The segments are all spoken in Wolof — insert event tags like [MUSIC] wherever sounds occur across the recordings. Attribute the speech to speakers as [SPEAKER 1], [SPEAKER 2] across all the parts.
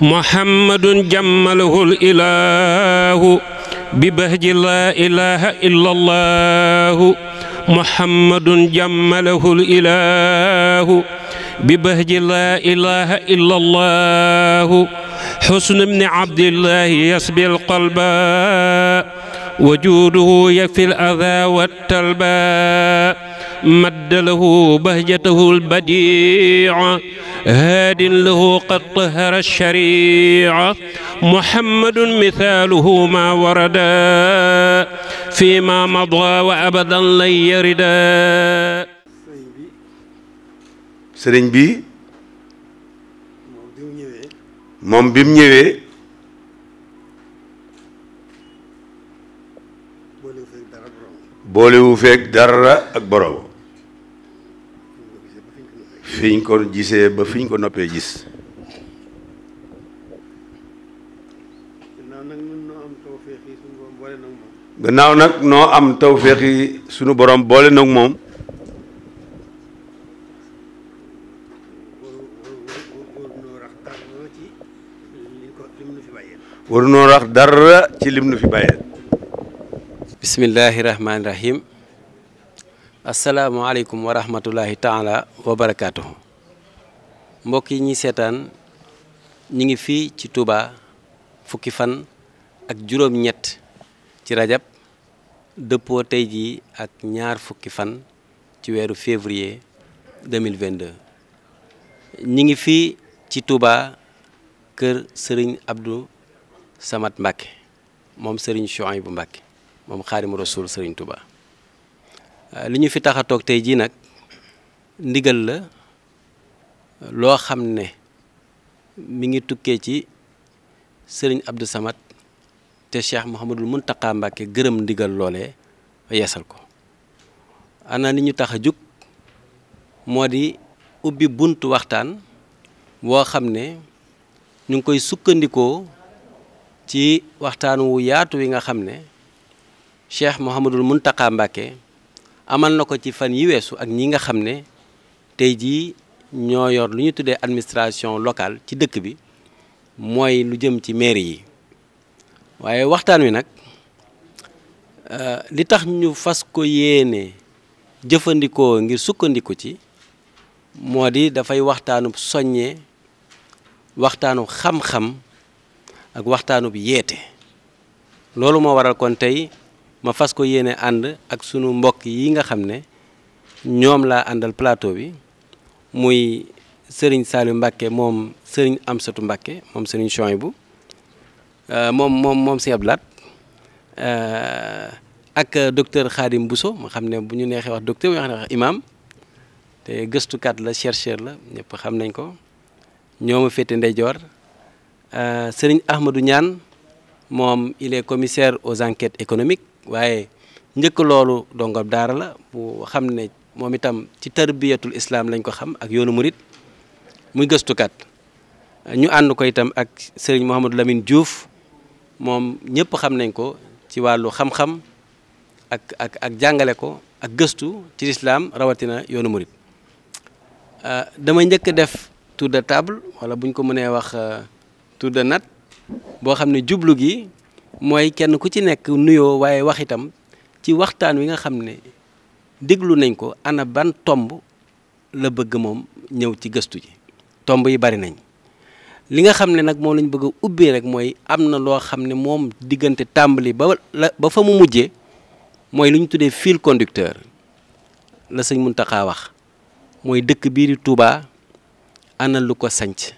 [SPEAKER 1] محمد جمله الإله ببهج لا إله إلا الله محمد جمله
[SPEAKER 2] الإله ببهج لا إله إلا الله حسن بن عبد الله يسبي القلب وجوده يكفي الأذى والتلبى مد له بهجته البديع هاد له قد طهر الشريعة محمد مثاله ما وردا
[SPEAKER 3] فيما مضى وأبدا لن يردا sëriñ bi moom bi mu ñëwee boolewu feeg dara ak boroom fiñ ko gisee ba fiñ ko noppee gis gannaaw nag noo am tawféex yi sunu borom boole nag moom waru noo rax dara ci lim nu fi bàyyee
[SPEAKER 4] bismillahi asalaamualeykum wa rahmatullahi taala wa barakaatuhu mbokk yi ñuy seetaan ñu ngi fii ci Touba fukki fan ak juróom-ñett ci rajab dëppoo tey jii ak ñaar fukki fan ci weeru février 2022 ñi ngi fii ci Touba kër sëriñ Abdou Samad Mbacke moom Serigne bu Mbacke moom Xaadimu Rasuul sëriñ Touba. Euh, li ñu fi tax a toog tey jii nag ndigal la loo xam ne mu ngi tukkee ci sëriñ Abdou Samad te Cheikh Mouhamadul Mountakha Mbacké gërëm ndigal loole yeesal ko ana li ñu tax a jug moo di ubbi bunt waxtaan woo xam ne ñu ngi koy sukkandikoo ci waxtaan wu yaatu wi nga xam ne Cheikh Mouhamadul Mountakha Mbacké amal na ko ci fan yi weesu ak ñi nga xam ne tey jii ñoo yor lu ñu tuddee administration locale ci dëkk bi mooy lu jëm ci mairie yi waaye waxtaan wi nag euh, li tax ñu fas ko yéene jëfandikoo ngir sukkandiku ci moo di dafay waxtaanub soññee waxtaanu xam-xam ak waxtaanub yeete loolu moo waral kon tey ma fas ko yéene ànd ak sunu mbokk yi nga xam ne ñoom laa àndal plateau bi muy Serigne Saliou Mbacké moom Serigne Amsatou Mbacké moom Serigne Chouaïbou euh, moom moom moom Sëñ Abdou Lahat euh, ak docteur Khadim Bousso ma xam ne bu ñu neexee wax docteur bu ñu wax imam te gëstukat la chercheur la ñëpp xam nañ ko ñoo ma féete ndeyjoor euh, Serigne Ahmadou ñaan moom il est commissaire aux enquêtes économiques waaye njëkk loolu dongob daara la bu xam ne moom itam ci tarbiyatul islaam lañ ko xam ak yoonu murit muy gëstukat ñu ànd ko itam ak sëriñ Mouhamadou Lamine Diouf moom ñëpp xam nañ ko ci wàllu xam-xam ak ak jàngale ko ak gëstu ci lislaam rawatina yoonu murit euh, damay njëkk def tour de table wala buñ ko mënee wax euh, tour de nat boo xam ne jublu gi mooy kenn ku ci nekk nuyoo waaye wax itam ci waxtaan wi nga xam ne déglu nañ ko ana ban tomb la bëgg moom ñëw ci gëstu ji tomb yi bari nañ li nga xam ne nag moom lañ bëgg ubbi rek mooy am na loo xam ne moom diggante tàmbali ba ba fa mu mujjee mooy lu ñu tuddee fill conducteur la sëñ Muntaxa wax mooy dëkk bii di Touba ana lu ko sanc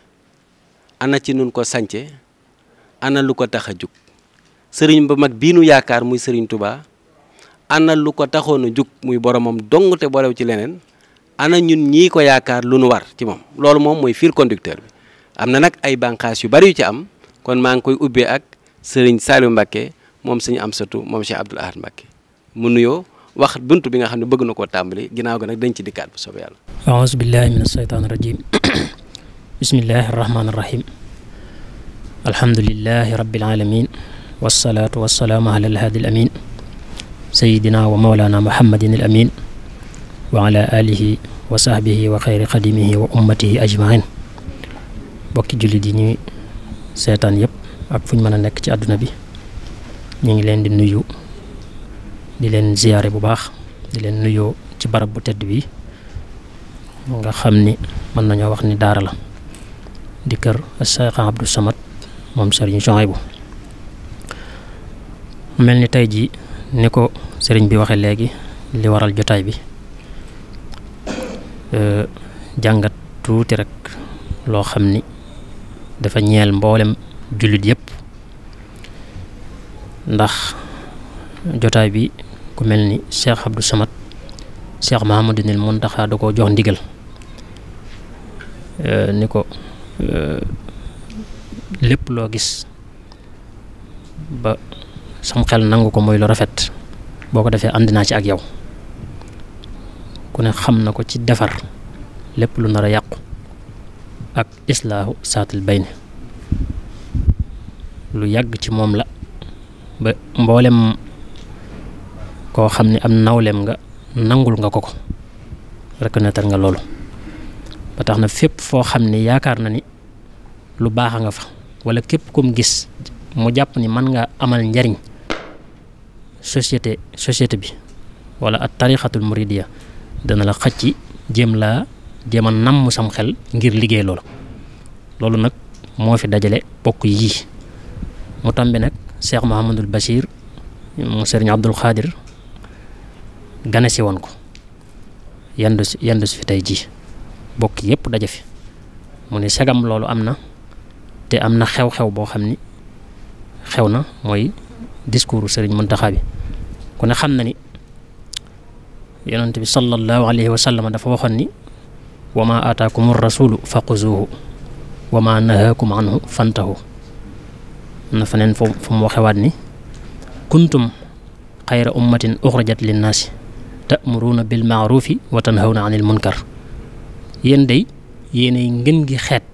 [SPEAKER 4] ana ci nun ko sance ana lu ko tax a jug sëriñ ba mag bii nu yaakaar muy sëriñ tubaa ana lu ko taxoon a jug muy boromam dong te borew ci leneen ana ñun ñii ko yaakaar lu nu war ci moom loolu moom mooy fiir conducteur bi am na nag ay bànqaas yu bari ci am kon maa ngi koy ubbee ak sëriñ Saliou Mbacké moom suñu am satu moom si Abdoul Ahad Mbacké mu nuyoo wax bunt bi nga xam ne bëgg na koo tàmbali ginnaaw ga nag dañ ci dikkaat bu soobee yàlla
[SPEAKER 5] aouzu billahi min asheytaan rajim [COUGHS] bismillahi arrahmani arrahim والصلاة والسلام على الهادي الأمين سيدنا ومولانا محمد الأمين وعلى آله وصحبه وخير خدمه وأمته أجمعين bokki jullit yi ñuy seetaan yëpp ak fu ñu mën a nekk ci àdduna bi ñu ngi leen di nuyu di leen ziyaare bu baax di leen nuyoo ci barab bu tedd bi nga xam ni mën nañoo wax ni daara la di kër Cheikh Abdou Samad moom Serigne Souhaïbou mel ni tey jii ni ko sëriñ bi waxee léegi li waral jotaay bi jàngat tuuti rek loo xam ni dafa ñeel mboolem jullit yépp ndax jotaay bi ku mel ni Cheikh Abdou Samad Cheikh Mahamadunil Muntaxa da koo jox ndigal ni ko lépp loo gis ba sam xel nangu ko muy lu rafet boo ko defee àndina ci ak yow ku ne xam na ko ci defar lépp lu nar a yàqu ak islaahu saatil bayni lu yàgg ci moom la ba mboolem koo xam ne am nawleem nga nangul nga ko ko reconnaître nga loolu ba tax na fépp foo xam ne yaakaar na ni lu baaxa nga fa wala képp kum gis mu jàpp ni mën nga amal njariñ société société bi walla ak tarixatul muridiya dana la xaj ci jéem laa jéem a namm sam xel ngir liggéey loolu loolu nag moo fi dajale bokk yii mu tàmbi nag Cheikh Mouhamadul Bachir mu Serigne Abdul Xaadir gane si woon ko yandu si yandu si fi tey jii bokk yëpp daje fi mu ne segam loolu am na te am na xew-xew boo xam ni xew na mooy discours Serigne Mountakha bi kon ne xam na ni yonent bi sallallahu alayhi wa sallam dafa waxoon ni wa ma aataakum rasulu fa xuzuhu wa ma nahaakum anhu fantahu na fa neen fu mu waxewaat ni kuntum xayra ummatin uxrajat linnaasi tamuruuna bil maarufi wa tanhawna anil munkar yéen day yéenay ngën gi xeet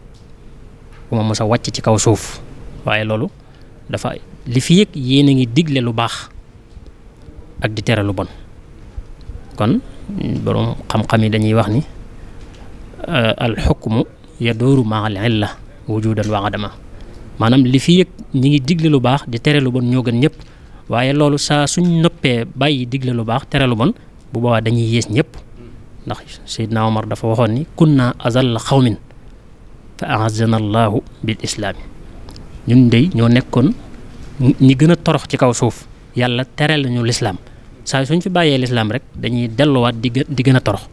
[SPEAKER 5] bu ma mos wàcc ci kaw suuf waaye loolu dafa li fi yëg yéen ngi digle lu baax ak di tere lu bon kon boroom xam-xam yi dañuy wax ni euh, al xukmu yadooru maa al illa wujudan wa adama maanaam li fi yëg ñi ngi digle lu baax di tere lu bon ñoo gën ñëpp waaye loolu saa suñ noppee bàyyi digle lu baax tere lu bon bu boobaa dañuy yées ñëpp ndax Seydina Omar dafa waxoon ni kunna azalla xawmin fa ahazana allahu bil islaami ñun dey ñoo nekkoon ñi gën a torox ci kaw suuf yàlla tere lañu lislaam saa suñ fi bàyyee lislaam rek dañuy delluwaat di gë di gën a torox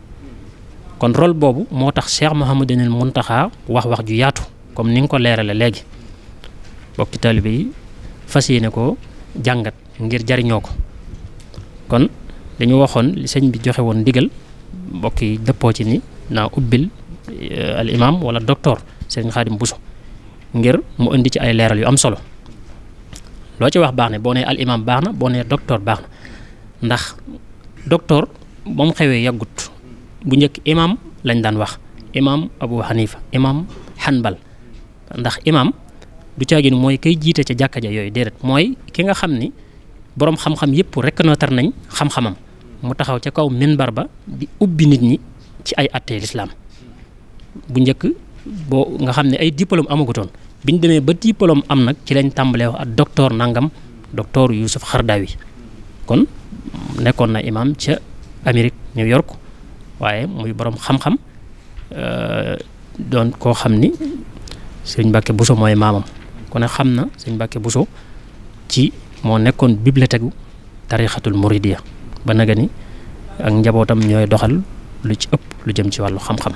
[SPEAKER 5] kon rôle boobu moo tax Cheikh Mouhamadunil Mountakha wax wax ju yaatu comme ni nga ko leerale léegi bokki taalibe yi fas yéene ko jàngat ngir jariñoo ko kon dañu waxoon li sëñ bi joxe woon ndigal mbokk yi dëppoo ci ni naa ubbil eh, al imam wala docteur sëriñ Xaadim Buso ngir mu indi ci ay leeral yu am solo loo ci wax baax na boo nee al imam baax na boo nee docteur baax na ndax docteur ba mu xewee yàggut bu njëkk imam lañ daan wax imam Abu Hanifa imam Hanbal ndax imam du caagin mooy kay jiite ca jàkka ja yooyu déedéet mooy ki nga xam ni boroom xam-xam yëpp reconnaître nañ xam-xamam mu taxaw ca kaw minbar ba di ubbi nit ñi ci ay àttee lislaam bu njëkk boo nga xam ne ay diplôme amagutoon bi ñu demee ba diplôme am nag ci lañ tàmbalee wax ak docteur nangam docteur Youssouf Xardawi kon nekkoon na imam ca Amérique New York waaye muy boroom xam-xam euh, doon koo xam ni sëñ Mbacke Bousso mooy maamam kon nag xam na sëñ Mbacke Bousso ci moo nekkoon bibliothèque gu tarixatul Mouridia ba naga ni ak njabootam ñooy doxal lu ci ëpp lu jëm ci wàllu xam-xam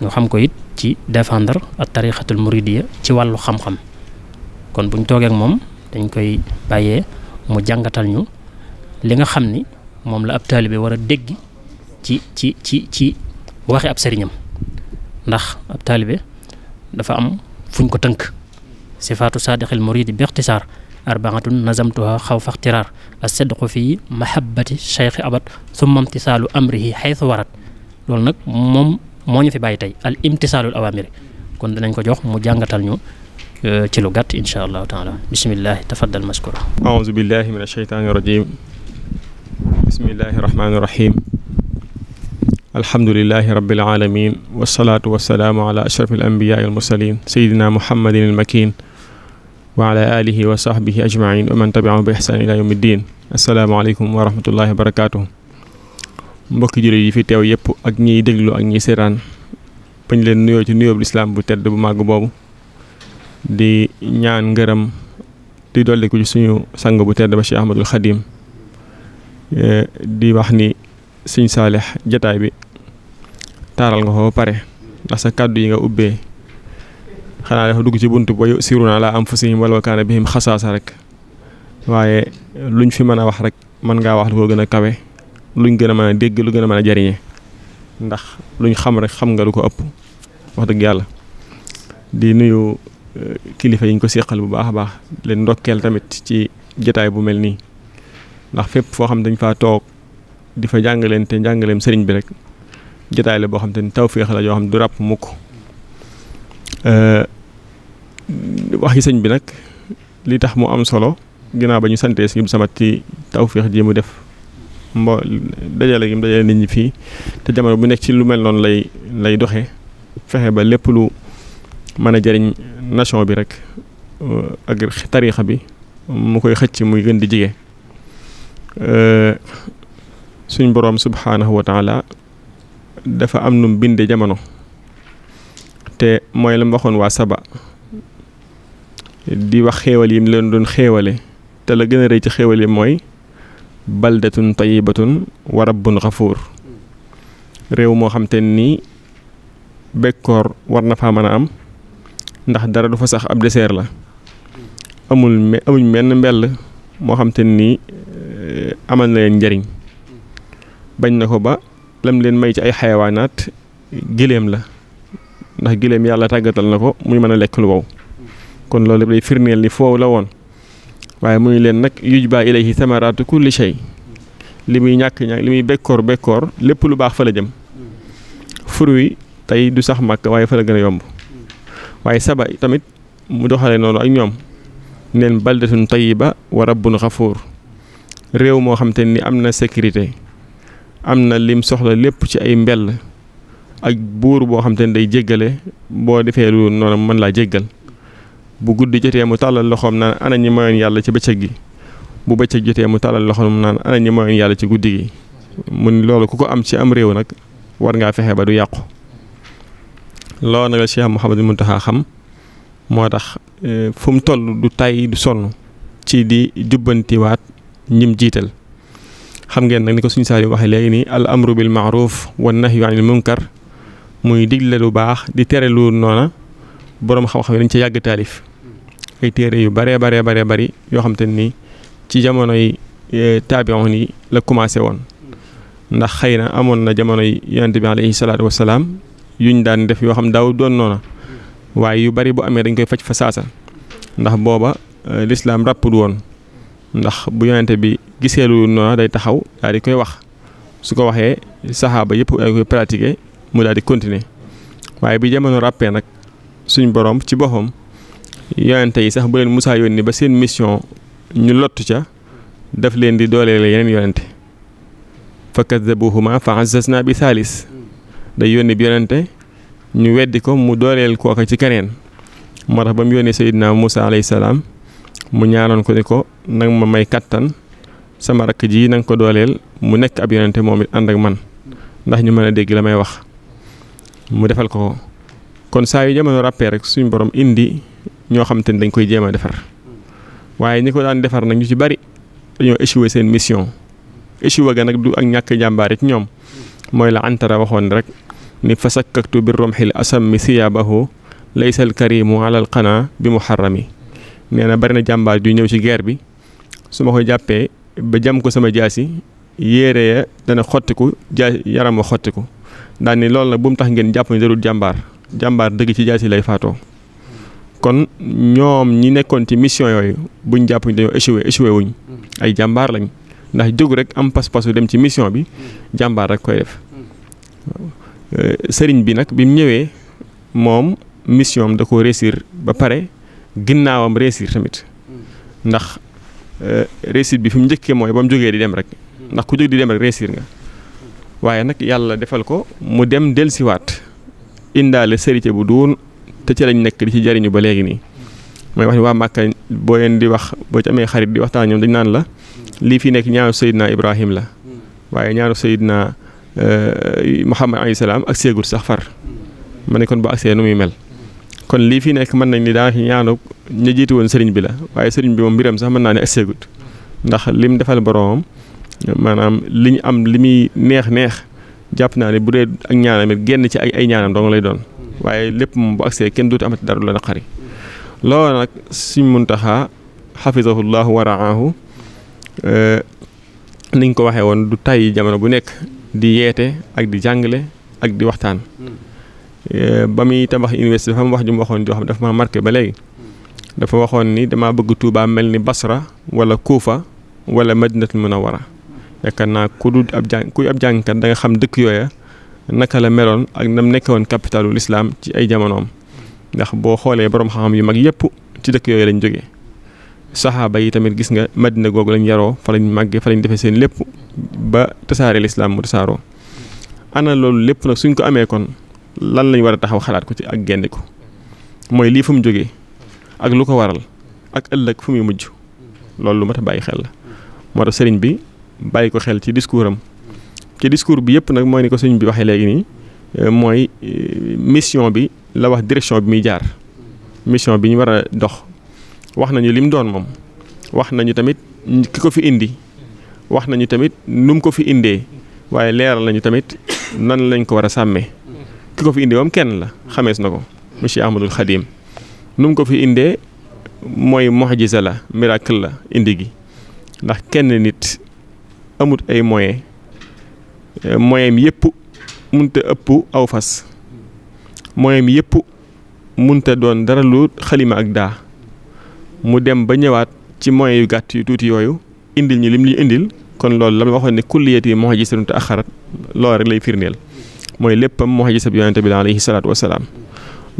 [SPEAKER 5] ñu xam ko it ci défendre ak tarixatul Mouridia ci wàllu xam-xam kon buñ toogee moom dañ koy bàyyee mu jàngatal ñu. li nga xam ni moom la ab taalibe war a dégg ci ci ci ci waxe ab sëriñam ndax ab taalibe dafa am fuñ ko tënk sifaatu saadixil muridi bi ixtisaar arbaatun nazamtuha xaw faxtiraar assidqu fii mahabbati cheikh abad summa imtisaalu amrihi xaytu warat loolu nag moom moo ñu fi bàyyi tey al imtisaalul awaamiri kon dinañ ko jox mu jàngatal ñu euh, ci lu gàtt incha allahu taala bisimillahi tafaddal maskura bismillahi
[SPEAKER 1] rahmaani rahim alhamdulilahi rabbil alamin wasalaatu wasalaamu ala ashraf al anbiyaai al mursalin sayidina muhammadin al makin wa ala alihi wa sahbihi ajmain wa man tabiahum bi ihsaan ila yawmi ddin asalaamaaleykum wa rahmatullahi wa barakatuh mbokki jullit yi fi teew yëpp ak ñiy déglu ak ñiy seetaan bañ leen nuyoo ci nuyoo bu lislaam bu tedd bu màgg boobu di ñaan ngërëm di dolli ko ci suñu sang bu tedd ba Cheikh Ahmadul Xadim Eh, di wax ni sëñ Saalix jataay bi taaral nga ko ba pare ndax sa kàddu yi nga ubbee xanaa dafa dugg ci bunt ba siru naa laa am fu si wala kaana bihim xasaasa rek waaye luñ fi mën a wax rek mën ngaa wax lu ko gën a kawe luñ gën a mën a dégg lu gën a mën a jariñe ndax luñ xam rek xam nga lu ko ëpp wax dëgg yàlla di nuyu eh, kilifa yi ñu ko seqal bu baax a baax leen ndokkeel tamit ci jataay bu mel nii ndax fépp foo xam ne dañ faa toog di fa jàngaleen te jàngaleem sëriñ bi rek jotaay la boo xam te ni tawféex la yoo xam ne du ràpp mukk wax yi sëñ bi nag li tax mu am solo ginnaaw ba ñu santee si bi samat ci tawféex ji mu def mbo dajale gi mu dajale nit ñi fii te jamono bu nekk ci lu mel noonu lay lay doxe fexe ba lépp lu mën a jëriñ nation bi rek ak tariixa bi mu koy xëcc muy gën di jige Euh, suñ boroom subhaanahu wa dafa am num bindee jamono te mooy la mu waxoon waa saba di wax xéewal yi mu leen doon xéewale te la gën a rey ci xéewal yi mooy baldatun tayibatun wa rabbun xafuur réew moo xam te nii bekkoor war na faa mën a am ndax dara du fa sax ab dessert la amul amuñ menn mbell moo xam te nii Eh, amal na leen njariñ bañ na ko ba lam leen may ci ay xayawaanaat gileem la ndax gileem yàlla tàggatal na ko muy mën a lekk lu wow kon loolu day firndeel ni foow la woon waaye muy leen nag yujbaa ilayhi samaraatu kulli shay li muy ñàkk ñàkk li muy bekkoor bekkoor lépp lu baax fa la jëm wi tey du sax màkk waaye fa la gën a yomb waaye saba tamit mu doxale noonu ak ñoom neen baldatun tayyiba wa rabbun xafuur réew moo xam te ni am na sécurité am na lim soxla lépp ci ay mbell ak buur boo xam te ni day jéggale boo defee lu noonu man laa jéggal bu guddi jotee mu tàllal loxoom naan ana ñi mayoon yàlla ci bëccëg gi bu bëccëg jotee mu tàllal loxoom naan ana ñi mayoon yàlla ci guddi gi mun loolu ku ko am ci am réew nag war ngaa fexe ba du yàqu loolu nag la Cheikh Mouhamadou Mountakha xam moo tax eh, fu mu toll du tay du sonn ci di jubbantiwaat ñim jiital xam ngeen nag ni ko suñu saar yi waxee léegi nii al amru bil maaruf wa nahyu anil munkar muy digle lu baax di tere lu noona boroom xam-xam yi dañ ca yàgg taalif ay téere yu baree baree baree bari yoo xam te nii ci jamonoy e, taabion yi la commencé woon ndax xëy na amoon na jamonoy yonent bi alayhi salaatu wasalaam yuñ daan def yoo xam daaw doon noona waaye yu bari bu amee dañ koy faj fa saasa ndax booba e, lislaam ràppul woon ndax bu yonente bi gisee lu noonu day taxaw daal di koy wax su ko waxee saxaaba yëpp ay koy pratiquer mu daal di continuer waaye bi jamono ràppee nag suñ boroom ci boppam yonente yi sax bu leen Musaa ni ba seen mission ñu lottu ca daf leen di dooleel yeneen yonente bu kazzabuhuma fa azzazna bi saalis day yónni bi yonente ñu weddi ko mu dooleel kooka ci keneen ma tax ba mu yónnee Seydina Musaa alayhi salaam mu ñaanoon ko ni ko nag ma may kattan sama rakk ji na ko dooleel mu nekk ab yonente moom it ànd ak man ndax ñu mën a dégg la may wax mu defal ko kon saa yu jamono ràppee rek suñu borom indi ñoo xam te ni dañ koy jéem a defar waaye ñi ko daan defar nag ñu ci bari dañoo échoué seen mission échoué ga nag du ak ñàkk jàmbaar ci ñoom mooy la antara waxoon rek ni fa sakkaktu bi romxil asammi siyaabahu laysal karimu alal qanaa bi muharrami nee na bari na jàmbaar yu ñëw ci guerre bi su ma ko jàppee ba jam ko sama jaasi yére yéere ya dana xottiku jaa yaram wa xottiku daal ni loolu nag bu tax ngeen jàpp ne darul jàmbaar jàmbaar dëgg ci jaas yi lay faatoo kon ñoom ñi nekkoon ci mission yooyu buñ jàpp ni dañoo échoué échoué wuñ ay jàmbaar lañ ndax jóg rek am pas-pasu dem ci mission bi jàmbaar rek koy def euh, sëriñ bi nag bi mu ñëwee moom mission am da ko réussir ba pare ginnaawam réussir tamit ndax euh, réussite bi fi mu njëkkee mooy ba mu jógee di dem rek ndax ku jóg di dem rek réussir nga waaye nag yàlla defal ko mu dem dellusiwaat indaale sérité bu duun te ci lañ nekk di ci jariñu ba léegi nii mooy wax ni waa Màkka boo leen di wax boo ci amee xarit di waxtaan ñoom dañ naan la lii fi nekk ñaanu Seydina Ibrahim la waaye ñaanu Seydina euh, Muhammad alayhi salaam ak seegul sax far ma ne kon bu agsee nu muy mel kon lii fi nekk mën nañ ni daa ñaanu ñu jiitu woon sëriñ bi la waaye sëriñ bi moom mbiram sax mën naa ne agseegut ndax lim defal boromam maanaam li ñu am li muy neex neex jàpp naa ne bu dee ak ñaanam it génn ci ay ay ñaanam dong lay doon waaye lépp moom bu agsee kenn dootu amati dara la naqari loolu nag suñ muntaxaa xafisahullahu wa raahu eh, niñ ko waxee woon du tàyyi jamono bu nekk di yeete ak di jàngale ak di waxtaan Eh, ba muy tabax université dafa am wax ju ma waxoon joo xam dafa ma marqué ba léegi dafa waxoon ni damaa bëgg Touba mel ni Basra wala Kuufa wala a Munawwara yaakaar naa ku dul ab jàng kuy ab jàngkat da nga xam dëkk yooya naka la meloon ak nam nekkoon capitalu lislaam ci ay jamonoom ndax boo xoolee borom xam yu mag yëpp ci dëkk yooyu lañ jógee saxaaba yi tamit gis nga madina googu lañ yaroo fa lañ màggee fa lañ defee seen lépp ba tasaare lislaam mu tasaaroo ana loolu lépp ko lan lañ war a taxaw xalaat ko ci ak génne ko mooy lii fu mu jógee ak lu ko waral ak ëllëg fu muy mujj loolu lu mat a bàyyi xel la moo tax sëriñ bi bàyyi ko xel ci discours am ci discours bi yëpp nag mooy ni ko sëriñ bi waxee léegi nii euh, mooy euh, mission bi la wax direction bi muy jaar mission bi ñu war a dox wax nañu lim doon moom wax nañu tamit ki ko fi indi nañu tamit nu ko fi indee waaye leeral nañu tamit nan lañ ko war a sàmmee ki ko fi indee moom kenn la xamees na ko monsieur Ahmadul Xadim nu mu ko fi indee mooy mu'jiza la miracle la indi gi ndax kenn nit amut ay moyen moyen yëpp munta ëpp aw fas moyen yëpp munta doon dara lu xalima ak daa mu dem ba ñëwaat ci moyen yu gàtt yu tuuti yooyu indi ñu lim ñu indil kon loolu la mu waxoon ne kulliyati mu'jizatun ta'akhkharat loolu rek lay firndeel mooy léppam moo xajisab yonente bi la alayhi salaatu wasalaam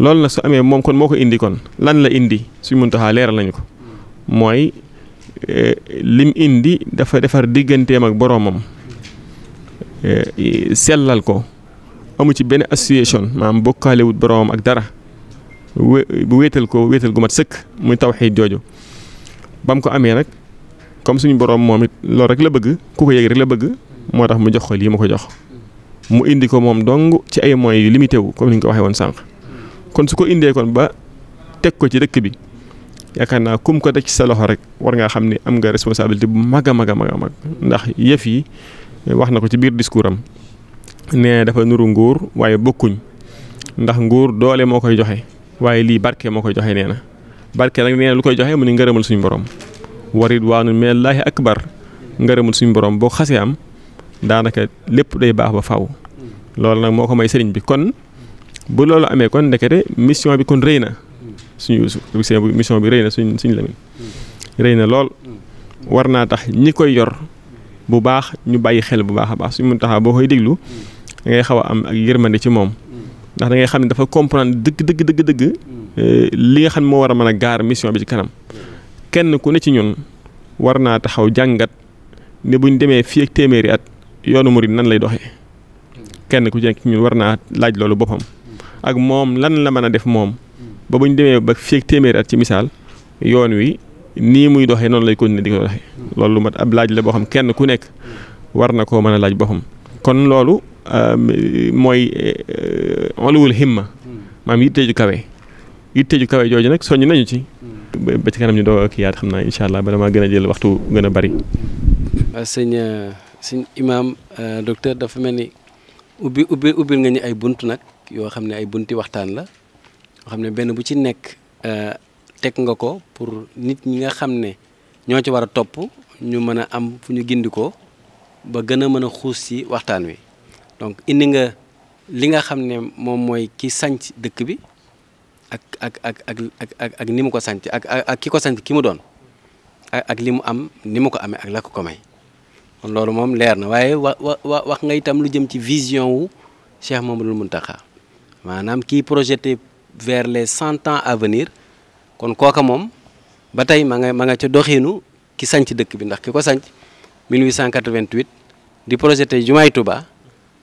[SPEAKER 1] loolu nag su amee moom kon moo ko indi kon lan la indi suñ mun muntaxaa leeral nañu ko mooy eh, lim indi dafa defar digganteem ak boroomam eh, sellal ko amu ci benn association maanaam bokkaalewut boroomam ak dara bu wéetal ko wéetal gu mat sëkk muy tawxiid jooju ba mu ko amee nag comme suñu boroom moom it loolu rek la bëgg ku ko yëg rek la bëgg moo tax mu jox ko lii mu ko jox mu indi ko moom dong ci ay mooy yu limité comme ni ñu ko waxee woon sànq kon su ko indee kon ba teg ko ci dëkk bi yaakaar naa comme ko teg ci sa loxo rek war ngaa xam ni am nga responsabilité bu mag a mag a mag a ndax yëf yi wax na ko ci biir discours am nee dafa nuru nguur waaye bokkuñ ndax nguur doole moo koy joxe waaye lii barke moo koy joxe nee na barke nag lu koy joxe mu ni ngërëmal suñu borom warit waanu melaahi akbar ngërëmal suñu borom boo xasee am daanaka lépp day baax ba faw loolu nag moo ko may sëriñ bi kon bu loolu amee kon ndekete mission bi kon rëy na suñu mission bi réy na suñ suñ Lamine rëy na lool war naa tax ñi koy yor bu baax ñu bàyyi xel bu baax a baax suñu mun taxaa boo koy déglu da ngay xaw am ak yërmande ci moom ndax da ngay xam ne dafa comprendre dëgg dëgg dëgg dëgg eh, li nga xam moo war a mën a gaar mission bi ci kanam kenn ku ne ci ñun war naa taxaw jàngat ne buñ demee fii ak téeméeri at yoonu murid nan lay doxee kenn ku ci nekk ñun war naa laaj loolu boppam ak moom lan la mën a def moom ba bu ñu demee ba fii ak ci misaal yoon wi nii muy doxee noonu lay continuer di ko loolu lu mat ab laaj la boo xam kenn ku nekk war na koo mën a laaj boppam kon loolu mooy oluwul eh, himma maam yitte ju kawe yitte ju kawe jooju nag soññ nañu ci ba ci kanam ñu doo kii yaat xam naa incha allah bala maa gën a jël waxtu gën a bari
[SPEAKER 4] sëñ imaam eh, docteur dafa mel ni ubbi ubbi ubbil nga ñu ay bunt nag yoo xam ne ay bunti waxtaan la yoo xam ne benn bu ci nekk euh, teg nga ko pour nit ñi nga xam ne ñoo ci war a topp ñu mën a am fu ñu ko ba gën a mën a xuus ci waxtaan wi donc indi nga li nga xam ne moom mooy ki sanc dëkk bi ak ak ak ak ak ak ni mu ko sanc ak ak ki ko sanc ki mu doon ak li mu am ni mu ko amee ak lakk ko ko may kon loolu moom leer na waaye wa wa wax nga itam lu jëm ci vision wu Cheikh mun Mountakha maanaam kii projeté vers les cent ans à venir kon kooka moom ba tey ma nga ma nga ca doxiinu ki sanc dëkk bi ndax ki ko sanc 1888 di projeté Jumaay Touba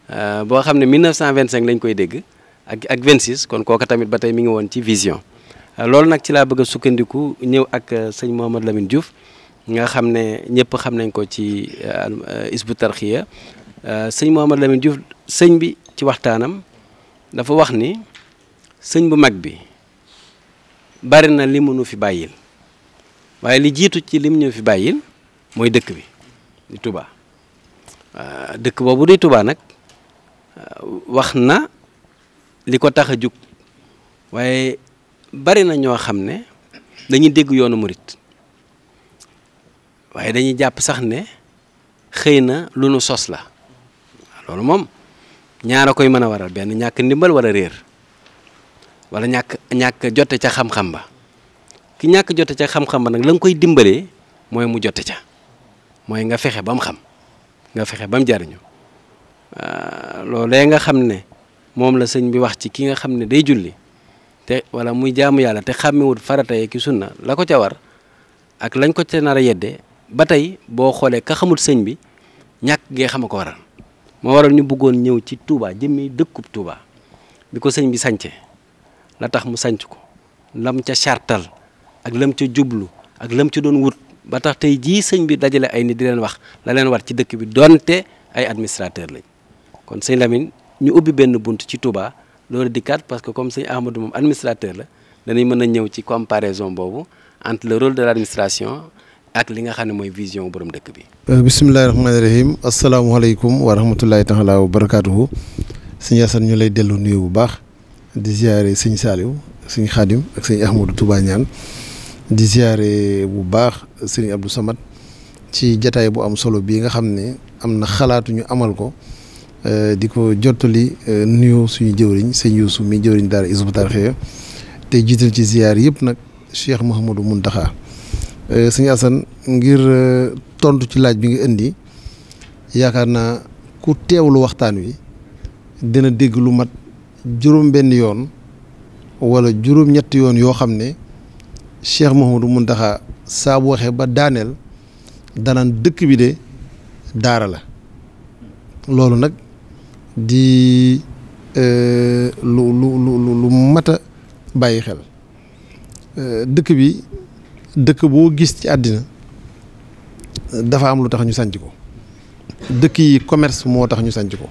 [SPEAKER 4] euh, boo xam ne 1925 lañ koy dégg ak ak 26 kon kooka tamit ba tey mi ngi woon ci vision euh, loolu nag ci laa bëgg sukkandiku ñëw ak euh, sëñ Mohamed Lamine Diouf. nga xam ne ñëpp xam nañ ko ci euh, euh, isbu tarxiya euh, sëñ Mouhamad Lamine Diouf sëñ bi ci waxtaanam dafa wax ni sëñ bu mag bi bari na li mu nu fi bàyyil waaye li jiitu ci lim ñu fi bàyyil mooy dëkk bi di Touba dëkk boobu di Touba nag wax na li ko tax a jug waaye bari na ñoo xam ne dañuy dégg yoonu murit waaye dañuy jàpp sax ne xëy na lu nu sos la loolu moom ñaara koy mën a waral benn ñàkk ndimbal wala réer walla ñàkk ñàkk jote ca xam-xam ba ki ñàkk jote ca xam ba nag la koy dimbalee mooy mu jote ca mooy nga fexe ba mu xam nga fexe ba mu jariñu ah, loolee nga xam ne moom la sëñ bi wax ci ki nga xam ne day julli te wala muy jaamu yàlla te xàmmewut farata yi ki sunna la ko ca war ak lañ ko ca nar a yedde ba tey boo xoolee ka xamul sëñ bi ñàkk gee xam ko waral moo waral ñu buggoon ñëw ci Touba jëmmi dëkkub Touba bi ko sëñ bi sañcee la tax mu sañc ko lam ca chartal ak lam ca jublu ak lam ca doon wut ba tax tey jii sëñ bi dajale ay nit di leen wax la leen war ci dëkk bi donte ay administrateur lañ kon sëñ Lamine ñu ubbi benn bunt ci Touba loolu di parce que comme sëñ Ahmadou moom administrateur la danañ mën a ñëw ci comparaison boobu entre le rôle de l'administration ak li nga xam ne mooy vision borom dëkk bi.
[SPEAKER 6] Euh, bisimilah rahmaani rahim asalaamualeykum wa rahmatulahi taala wa barakaatuhu sëñ Yasane ñu lay dellu nuyu bu baax di ziare sëñ Saliou suñ Xaadim ak sëñ Ahmadou Touba Niane di ziare bu baax sëñ Abdou Samad ci jataay bu am solo bii nga xam ne am na xalaatu ñu amal ko. Euh, di ko jottali euh, nuyoo suñu jëwriñ sëñ Youssou mi jëwriñ daara Hizbut Tarqiyyah te jiital ci ziar yëpp nag Cheikh Mouhamadou daxa Eh, sëñ Assane ngir eh, tontu ci laaj bi nga indi yaakaar naa ku teewlu waxtaan wi dina dégg lu mat juróom benn yoon wala juróom ñetti yoon yoo xam ne Cheikh Mouhamadou Mountakha saa bu waxee ba daaneel danaan dëkk bi de daara la loolu nag di eh, lu lu lu lu mat a bàyyi xel dëkk bi. dëkk boo gis ci àddina dafa am lu tax ñu sanc ko dëkk yi commerce moo tax ñu sanc ko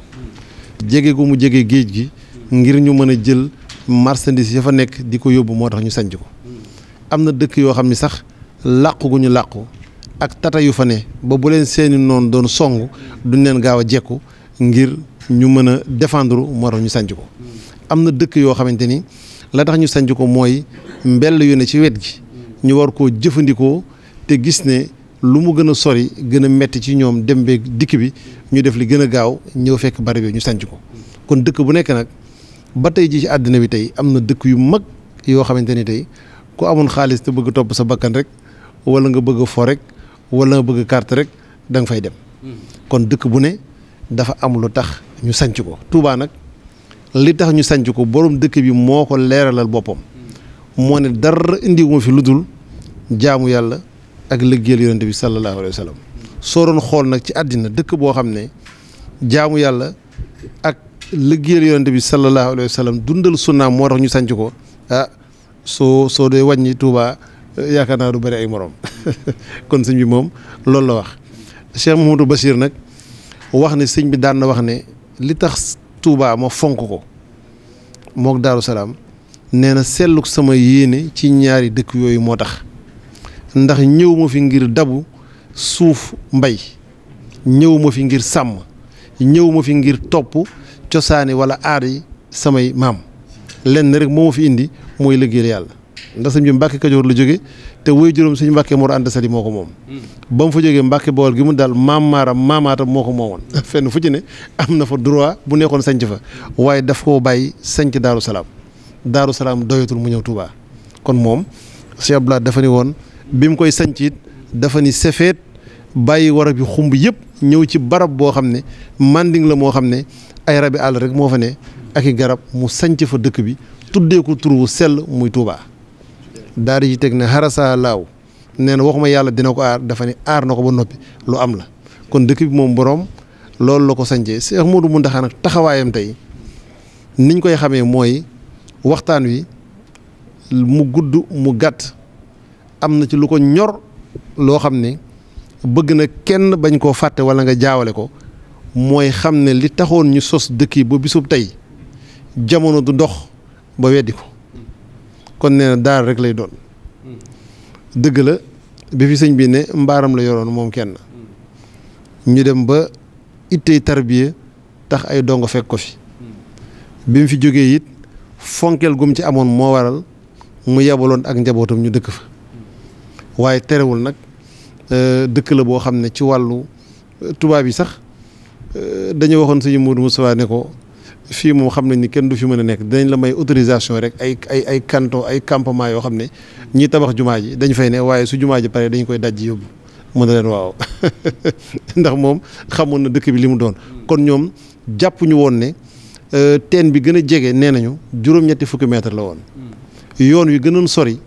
[SPEAKER 6] jege gu mu jege géej gi ngir ñu mën a jël marchandise ya fa nekk di ko yóbbu moo tax ñu sanc ko am na dëkk yoo xam ni sax làqu gu ñu làqu ak tata yu fa ne ba bu seeni noonu doon song duñ leen gaaw a jekku ngir ñu mën a défendre moo ñu sanc ko am na dëkk yoo xamante ni la tax ñu sanc ko mooy mbel yu ne ci wet gi ñu war koo jëfandikoo te gis ne lu mu gën a sori gën a metti ci ñoom dem beeg dikk bi ñu def li gën a gaaw ñëw fekk bari bi ñu sanc ko kon dëkk bu nekk nag ba tey ji ci àddina bi tey am na dëkk yu mag yoo xamante ni tey ku amoon xaalis te bëgg topp sa bakkan rek wala nga bëgg a rek wala nga bëgg carte rek danga fay dem hmm. kon dëkk bu ne dafa am lu tax ñu sanc ko Touba nag li tax ñu sanc ko borom dëkk bi moo ko leeralal boppam hmm. moo ne dara indiwuma fi lu dul jaamu yàlla ak liggéeyal yonent bi sallallahu alayhi wa soo doon xool nag ci àddina dëkk boo xam ne jaamu yàlla ak liggéeyal yonent bi sallallahu alayhi wa dundal sunnaam moo tax ñu sanc ko ah, soo soo dee wàññi Touba eh, yaakaar naa du bëri ay moroom [LAUGHS] kon sëñ bi moom loolu la wax. Cheikh Mouhamadou Bachir nag wax ne sëñ bi daan na wax ne li tax tuubaa ma fonk ko mook Daaru Salaam nee na selluk sama yéene ci ñaari dëkk yooyu moo tax. ndax ñëw ma fi ngir dabu suuf mbay ñëw ma fi ngir sàmm ñëw ma fi ngir topp cosaani wala aada yi samay maam lenn rek moo ma fi indi mooy liggéeyal yàlla ndax sëñ bi Mbàkke Kajoor la jóge te woy juróom sëñ Mbàkke Mor Anta Sali moo ko moom ba fa jógee Mbàkke Bawol gi mu daal maam maaram maamaatam moo ko moomoon [LAUGHS] fenn fu ci am na fa droit bu nekkoon sanc fa waaye daf koo bàyyi sanc Daaru Salaam Daaru Salaam doyatul mu ñëw Tuubaa kon moom Cheikh Abdoulaye dafa ni woon bi mu koy sanc dafa ni sefeet bàyyi warab yi xumb yëpp ñëw ci barab boo xam ne manding la moo xam ne ay rabi àll rek moo fa ne ak i garab mu sanc fa dëkk bi tuddee ko tur wu sell muy Touba daal di teg ne xarasaa laaw nee na waxuma yàlla dina ko aar dafa ne aar na ko ba noppi lu am la kon dëkk bi moom boroom loolu la ko sancee Seex Moodu Muntaxa nag taxawaayam tey niñ koy xamee mooy waxtaan wi mu gudd mu gàtt am na ci lu ko ñor loo xam ne bëgg na kenn bañ koo fàtte wala nga jaawale ko mooy xam ne li taxoon ñu sos dëkk yi ba bisub tey jamono du dox ba weddi ko kon nee na daara rek lay doon dëgg la bi fi sëñ bi ne mbaaram la yoroon moom kenn ñu dem ba ittey tarbiya tax ay dongo fekk ko fi bi mu fi jógee it fonkeel gum ci amoon moo waral mu yebaloon ak njabootam ñu dëkk fa waaye terewul nag euh, dëkk la boo xam ne ci wàllu euh, tubaab yi sax euh, dañu waxoon suñu Mourou Moustapha ne ko fii moom xam nañ ni kenn du fi mën a nekk dinañ la may autorisation rek ay ay ay canton ay campement yoo xam ne ñi tabax jumaa ji dañ fay ne waaye su jumaa ji pare dañ koy dajji yóbbu mën na leen waaw [LAUGHS] ndax moom xamoon na dëkk bi li mu doon. kon ñoom jàppuñu woon ne teen bi gën a jege nee nañu juróom-ñetti fukki mètre la woon. Hmm. yoon wi gënoon sori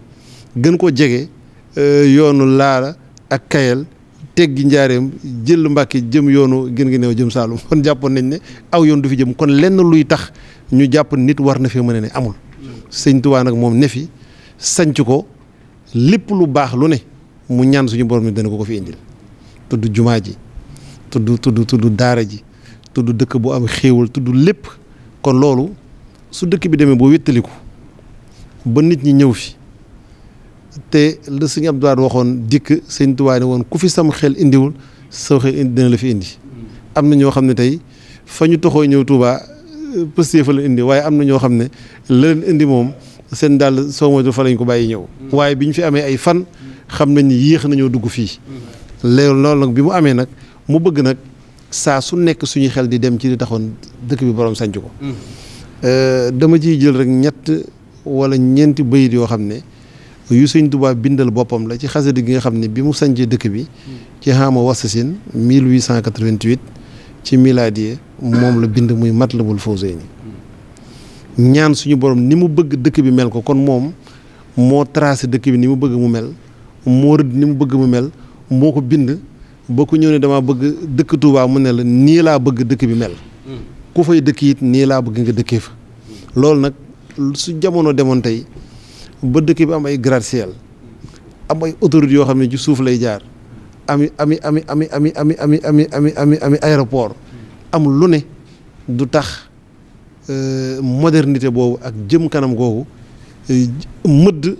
[SPEAKER 6] gën koo jege. Euh, yoonu laara ak kayal teggi njaareem jël mbàkki jëm yoonu gën gi néew jëm saalum [LAUGHS] kon jàppoon nañ ne aw yoon du fi jëm kon lenn luy tax ñu jàpp nit war na fi mën na ne amul sëñtuwaa nag moom ne fi sanc ko lépp lu baax lu ne mu ñaan suñu borom ni dana ko ko fi indil tudd jumaa ji tudd tudd tudd daara ji tudd dëkk bu am xéewal tudd lépp kon loolu su dëkk bi demee boo wéttaliku ba nit ñi ñëw fi te la suñu ab waxoon dikk sëñ Tuubaa ne woon ku fi sam xel indiwul sa xel indi dina la fi indi am na ñoo xam ne tey fa ñu toxoo ñëw Tuubaa pëstee fa la waaye am na ñoo xam ne la indi moom seen daal soo moytu fa lañ ko bàyyi ñëw waaye bi ñu fi amee ay fan xam nañ ni yéex nañoo dugg fii léegi loolu nag bi mu amee nag mu bëgg nag saa su nekk suñu xel di dem ci li taxoon dëkk bi borom sanc ko mm. euh, dama ciy jël rek ñett wala ñeenti bayit yoo xam ne yu sëñ Tuubaa bindal boppam la ci xasida gi nga xam ne bi mu sancee dëkk bi hmm. ci xaama wasasin 1888 ci milaadiye moom la bind muy mat Matlabul Fawzayni hmm. ñaan suñu borom ni mu bëgg dëkk bi mel ko kon moom moo tracé dëkk bi ni mu bëgg mu mel moo rëdd ni mu bëgg mu mel moo ko bind ba ku ñëw ne dama bëgg dëkk Tuubaa mu ne la nii laa bëgg dëkk bi mel hmm. ku fay dëkk it nii laa bëgg nga dëkkee fa loolu nag su jamono demoon tey ba dëkk bi am ay gratte-ciel am ay autoroute yoo xam ne ci suuf lay jaar ami ami ami ami ami ami ami ami ami ami ami aéroport am lu ne du tax modernité boobu ak jëm kanam googu mëdd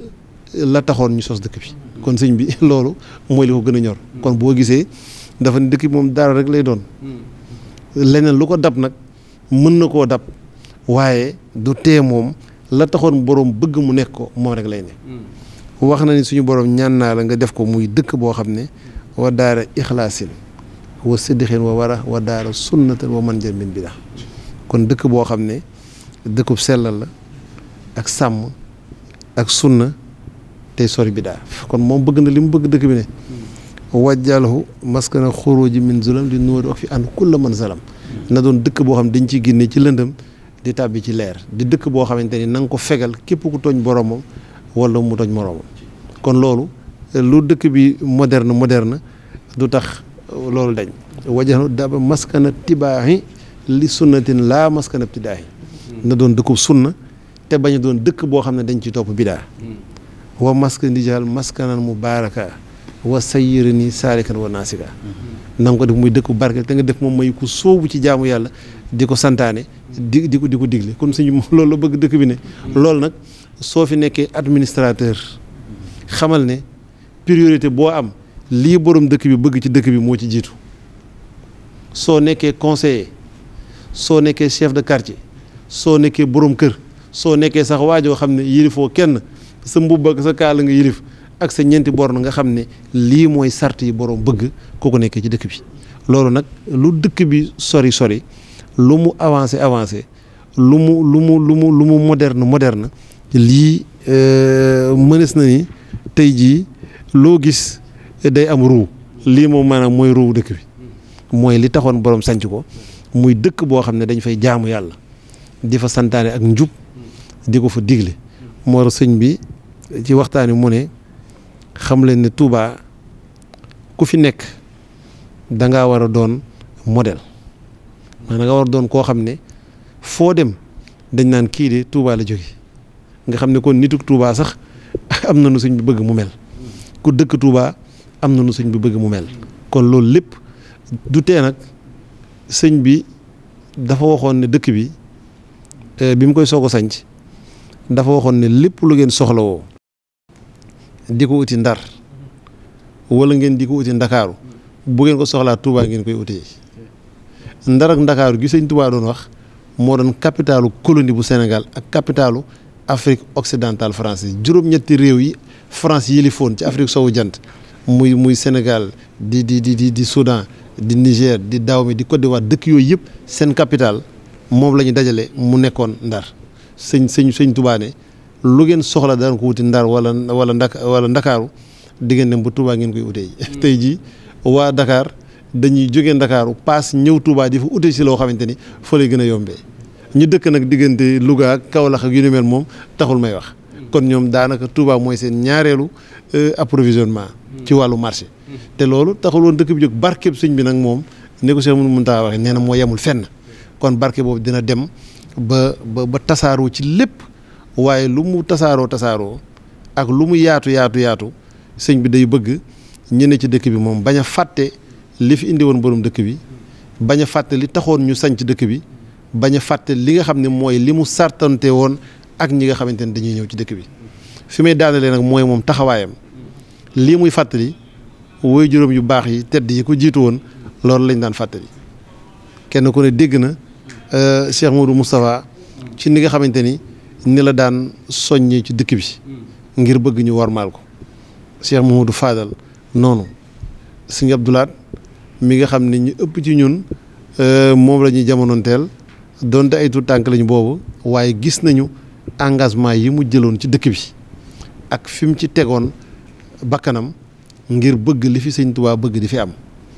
[SPEAKER 6] la taxoon ñu sos dëkk bi kon sëñ bi loolu mooy li ko gën a ñor kon boo gisee dafa ne dëkk bi moom dara rek lay doon leneen lu ko dab nag mën na koo dab waaye du tee moom la taxoon boroom bëgg mu nekk ko moom rek lay ne hmm. wax na ni suñu boroom ñaan naa la nga def ko muy dëkk boo xam ne wa daara ixlaasin wa sidixin wa wara wa man bi kon dëkk boo xam ne dëkkub sellal la ak sàmm ak sunna tey sori bi daa kon moom bëgg na li mu bëgg dëkk bi ne hmm. wajjalhu maskana xuruji min zulam di nuuri ak fi an la man zalam hmm. na doon dëkk boo xam ne dañ ciy génne ci lëndam di tàbbi ci leer di dëkk boo xamante ni nanga nga ko fegal képp ku tooñ boromam wala mu tooñ moromam kon loolu lu dëkk bi moderne moderne du tax euh, loolu dañ wajaxnu daba maskana tibaahi li sunnatin laa maskana ibtidaahi na doon dëkkub sunna te bañ doon dëkk boo xam ne dañ ci topp bidaa wa maskan di jaal maskanan mubaaraka wa sayyiri ni saalikan wa naasika mhm. na ko def muy dëkk bu barkeel te nga def moom may ku sóobu ci jaamu yàlla di ko santaane di di ko di ko digle kon sëñ bi [LAUGHS] loolu la bëgg dëkk bi ne loolu nag soo fi nekkee administrateur xamal ne priorité boo am lii borom dëkk bi bëgg ci dëkk bi moo ci jiitu soo nekkee conseiller soo nekkee chef de quartier soo nekkee borom kër soo nekkee sax waajoo xam ne yilifoo kenn sa mbubb ak sa kaala nga yilif ak sa ñeenti borne nga xam ne lii mooy sart yi borom bëgg ko nekkee ci dëkk bi loolu nag lu dëkk bi sori sori lu mu avancé avancé lu mu lu mu lu mu lu mu moderne moderne lii euh, mënees na ni tey jii loo gis day am ruu lii moom maanaam mooy ruu dëkk bi mooy li taxoon borom sanc ko muy dëkk boo xam ne dañ fay jaamu yàlla di fa santaane ak njub di ko fa digle moo tax sëñ bi ci waxtaan wi mu ne xam leen ne Touba ku fi nekk da ngaa war a doon modèle maanaam nga war doon koo xam ne foo dem dañ naan kii de tuubaa la jóge nga xam ne kon nituk tuubaa sax [LAUGHS] am na nu sëñ bi bëgg mu mel ku dëkk Touba am na nu sëñ bi bëgg mu mel kon loolu lépp du tee nag sëñ bi dafa waxoon ne dëkk bi euh, bi mu koy soog a sanc dafa waxoon ne lépp lu ngeen soxlawoo di ko uti Ndar wala ngeen di ko uti Ndakaaru bu ngeen ko soxlaa tuubaa ngeen koy uti ndar ak ndakaaru gi sëñ Tuubaa doon wax moo doon capitalu koloni bu Sénégal ak capitalu Afrique occidentale française juróom-ñetti réew yi France yilifoon ci Afrique sowu jant muy muy Sénégal di di di di di Soudan di Niger di di Côte d'Ivoire dëkk yooyu yëpp seen capital moom la ñu dajale mu nekkoon ndar sëñ sëñ sëñ ne lu ngeen soxla daan ko wuti ndar wala wala ndak wala ndakaaru diggante bu Tuubaa ngeen koy utee mm. [LAUGHS] tey jii waa Dakar. dañuy jógee ndakaaru paas ñëw Touba di fa ute si loo xamante ni fa lay gën a yombee ñu dëkk nag diggante Louga ak Kaolack ak yu ni mel moom taxul may wax kon ñoom daanaka Touba mooy seen ñaareelu euh, approvisionnement ci wàllu marché te loolu taxul woon dëkk bi jóg barkeb sëñ bi nag moom ni ko Cheikh Mountakha waxee nee na moo yemul fenn kon barke boobu dina dem ba ba tasaaroo ci lépp waaye lu mu tasaaroo tasaaroo ak lu mu yaatu yaatu yaatu sëñ bi day bëgg ñu ci dëkk bi moom bañ a fàtte li fi indi woon borom dëkk bi bañ a fàtte li taxoon ñu ci dëkk bi bañ a fàtte li nga xam ne mooy li mu sartante woon ak ñi nga xamante ni dañuy ñëw ci dëkk bi fi may daanalee nag mooy moom taxawaayam lii muy fàttali woy juróom yu baax yi tedd yi ko jiitu woon loolu lañ daan fàttali kenn ku ne dégg na euh, Cheikh Modou Moustapha ci ni nga xamante ni ni la daan soññee ci dëkk bi ngir bëgg ñu warmaal ko Cheikh Mamadou Fadal noonu sëñ Abdoulaat mi nga xam ne ñu ëpp ci ñun euh, moom la ñuy jamonoonteel donte ay tànk lañu boobu waaye gis nañu engagement yi mu jëloon ci dëkk bi ak fi mu ci tegoon bakkanam ngir bëgg li fi sëñ Tuubaa bëgg di fi am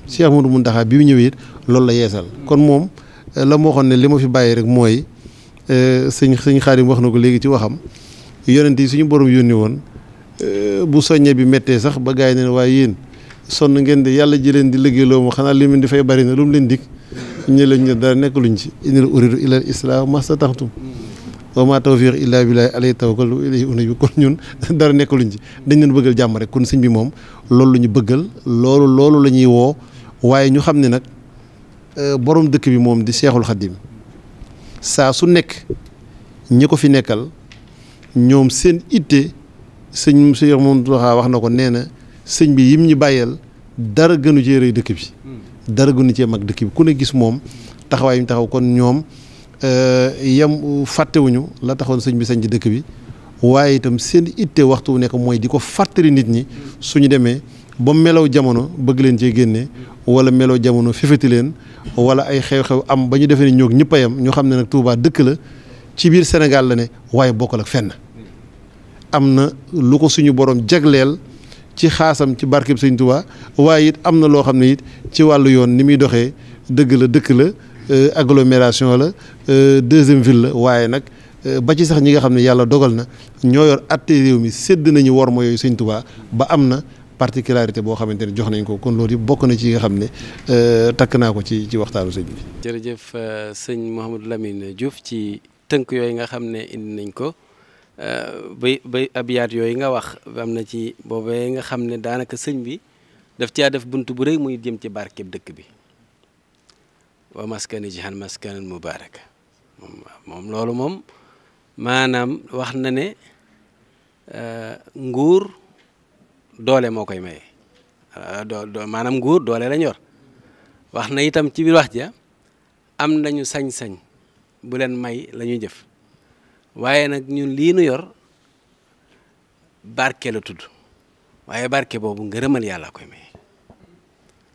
[SPEAKER 6] Cheikh Ahmadou Mountakha bi mu ñëwee it loolu la yeesal kon moom euh, la moo waxoon ne li ma fi bàyyi rek mooy euh, sëñ sëñ Xaadim wax na ko léegi ci waxam yonent yi suñu borom yónni woon bu soññee bi méttee sax ba gars yi ne waaye yéen sonn ngeen di yàlla ji leen di liggéeyloo xanaa li mu di fay bari na lu mu leen dik ñu leen ñu dara nekk luñ ci inil uridu ilal islam mastata'tum wa ma tawfiq illa billahi alayhi tawakkal wa [LAUGHS] dara nekk luñ ci dañ leen bëggal jàmm rek kon bi moom loolu la ñu bëggal loolu loolu la ñuy woo waaye ñu xam ne nag euh, borom dëkk bi moom di seexul xaddim su nekk ñi ko fi nekkal ñoom seen itte sëñ monsieur moom wax na ko nee na sëñ bi yim ñu bàyyeel dara gënu cee rëy dëkk bi hmm. dara gënu cee mag dëkk bi ku ne gis moom taxawaay yi mu taxaw kon ñoom euh, yem fàttewuñu la taxoon sëñ bi sañ ci dëkk bi waaye itam seen itte waxtu wu nekk mooy di ko fàttali nit ñi suñu demee ba melow jamono bëgg leen cee génne wala melaw jamono fifati leen wala ay xew-xew am ba ñu defee ne ñoog ñëpp yem ñu xam ne nag tuubaa dëkk la ci biir Sénégal la ne waaye bokkal ak fenn am na lu ko suñu borom jagleel ci xaasam ci barkeb sëñ Tuubaa waaye it am na loo xam ne it ci wàllu yoon ni muy doxee dëgg la dëkk la euh, agglomération la euh, deuxième ville la waaye nag euh, ba ci sax ñi nga xam ne yàlla dogal na ñoo yor atte réew mi sédd nañu war ma yooyu sëñ ba am na particularité boo xamante ne jox nañ ko kon loolu yëpp bokk na ci yi nga xam ne takk naa ko ci ci waxtaanu sëñ bi.
[SPEAKER 4] jërëjëf sëñ Mouhamadou lamin Diouf ci tënk yooyu nga xam ne indi nañ ko. Euh, bay bay abiyaat yooyu nga wax am na ci boobee nga xam ne daanaka sëñ bi daf caa def bunt bu rëy muy jëm ci barkeb dëkk bi wa maskani jihan maskanan mubaraka moom loolu moom maanaam wax na ne euh, nguur doole moo koy maye euh, maanaam nguur doole lañ yor wax na itam ci biir wax ja am nañu sañ-sañ bu leen may la ñuy jëf waaye nag ñu lii nu yor barke la tudd waaye barke boobu ngërëmal yàlla koy maye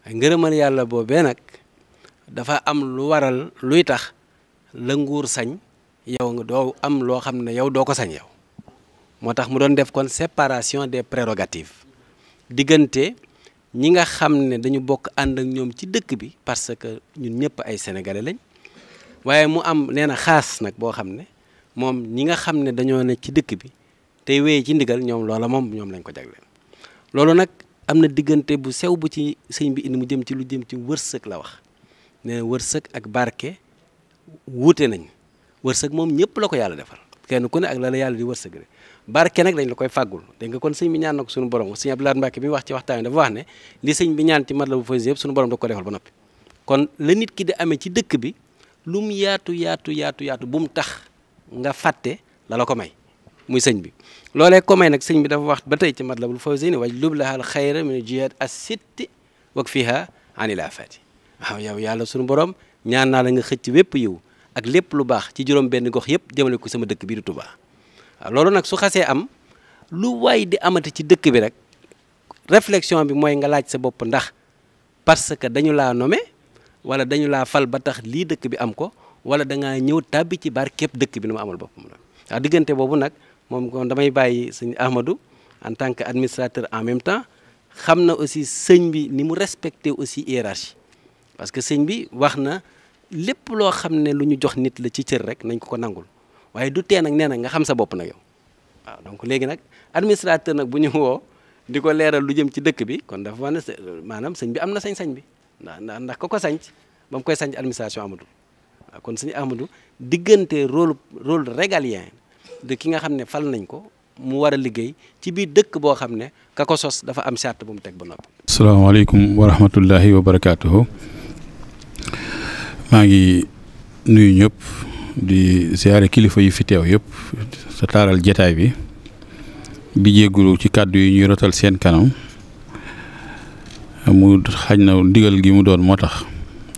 [SPEAKER 4] waaye ngërëmal yàlla boobee nag dafa am lu waral luy tax la nguur sañ yow nga doo am loo xam ne yow doo ko sañ yow moo tax mu doon def kon séparation des prérogatives diggante ñi nga xam ne dañu bokk ànd ak ñoom ci dëkk bi parce que ñun ñëpp ay sénégalais lañ waaye mu am nee xaas nag boo xam ne moom ñi nga xam ne dañoo ne ci dëkk bi tey wéyee ci ndigal ñoom loola moom ñoom lañ ko jagleel loolu nag am na diggante bu sew bu ci sëñ bi indi mu jëm ci lu jëm ci wërsëg la wax ne wërsëg ak barke wuute nañ wërsëg moom ñëpp la ko yàlla defal kenn ku ne ak la la di wërsëg rek barke nag dañ la koy fàggul dégg nga kon sëñ bi ñaan na ko suñu borom sëñ Abdoulaye Mbacke bi wax ci waxtaan dafa wax ne li sëñ bi ñaan ci mat la bu fay yëpp suñu borom da ko defal ba noppi kon la nit ki di amee ci dëkk bi lu yaatu yaatu yaatu yaatu bu mu tax nga fàtte la la ko may muy sëñ bi loolee ko may nag sëñ bi dafa wax ba tey ci lu matlabul fawzayni waj lub lahal xayra min jihaad as sitti wak fiha anil afaati waaw yow yàlla sunu borom ñaan naa la nga xëcc wépp yiw ak lépp lu baax ci juróom benn gox yëpp jëmale ko sama dëkk bi di Touba loolu nag su xasee am lu waay di amati ci dëkk bi rek réflexion bi mooy nga laaj sa bopp ndax parce que dañu laa nome wala dañu laa fal ba tax lii dëkk bi am ko wala da ngaa ñëw tàbbi ci barkeeb dëkk bi nu mu amal boppam la waaw diggante boobu nag moom kon damay bàyyi sëñ Ahmadou en tant que administrateur en même temps xam na aussi sëñ bi ni mu respecté aussi hiérarchie parce que sëñ bi wax na lépp loo xam ne lu ñu jox nit la ci cër rek nañ ko ko nangul waaye du tee nag nee na nga xam sa bopp nag yow waaw donc léegi nag administrateur nag bu ñu woo di ko leeral lu jëm ci dëkk bi kon dafa wax ne maanaam sëñ bi am na sañ-sañ bi ndax ndax ko sañ ba mu koy sañ administration amatul. kon suñu Ahmadou diggante rôle rôle régalien de ki nga xam ne fal nañ ko mu war a liggéey ci biir dëkk boo xam ne ka ko sos dafa am charte bu mu teg ba
[SPEAKER 2] noppi. asalaamaaleykum wa rahmatullahi wa barakaatuhu maa ngi nuyu ñëpp di ziare kilifa yi fi teew yëpp sa taaral jataay bi di jéggulu ci kàddu yi ñuy rotal seen kanam mu xaj na ndigal gi mu doon moo tax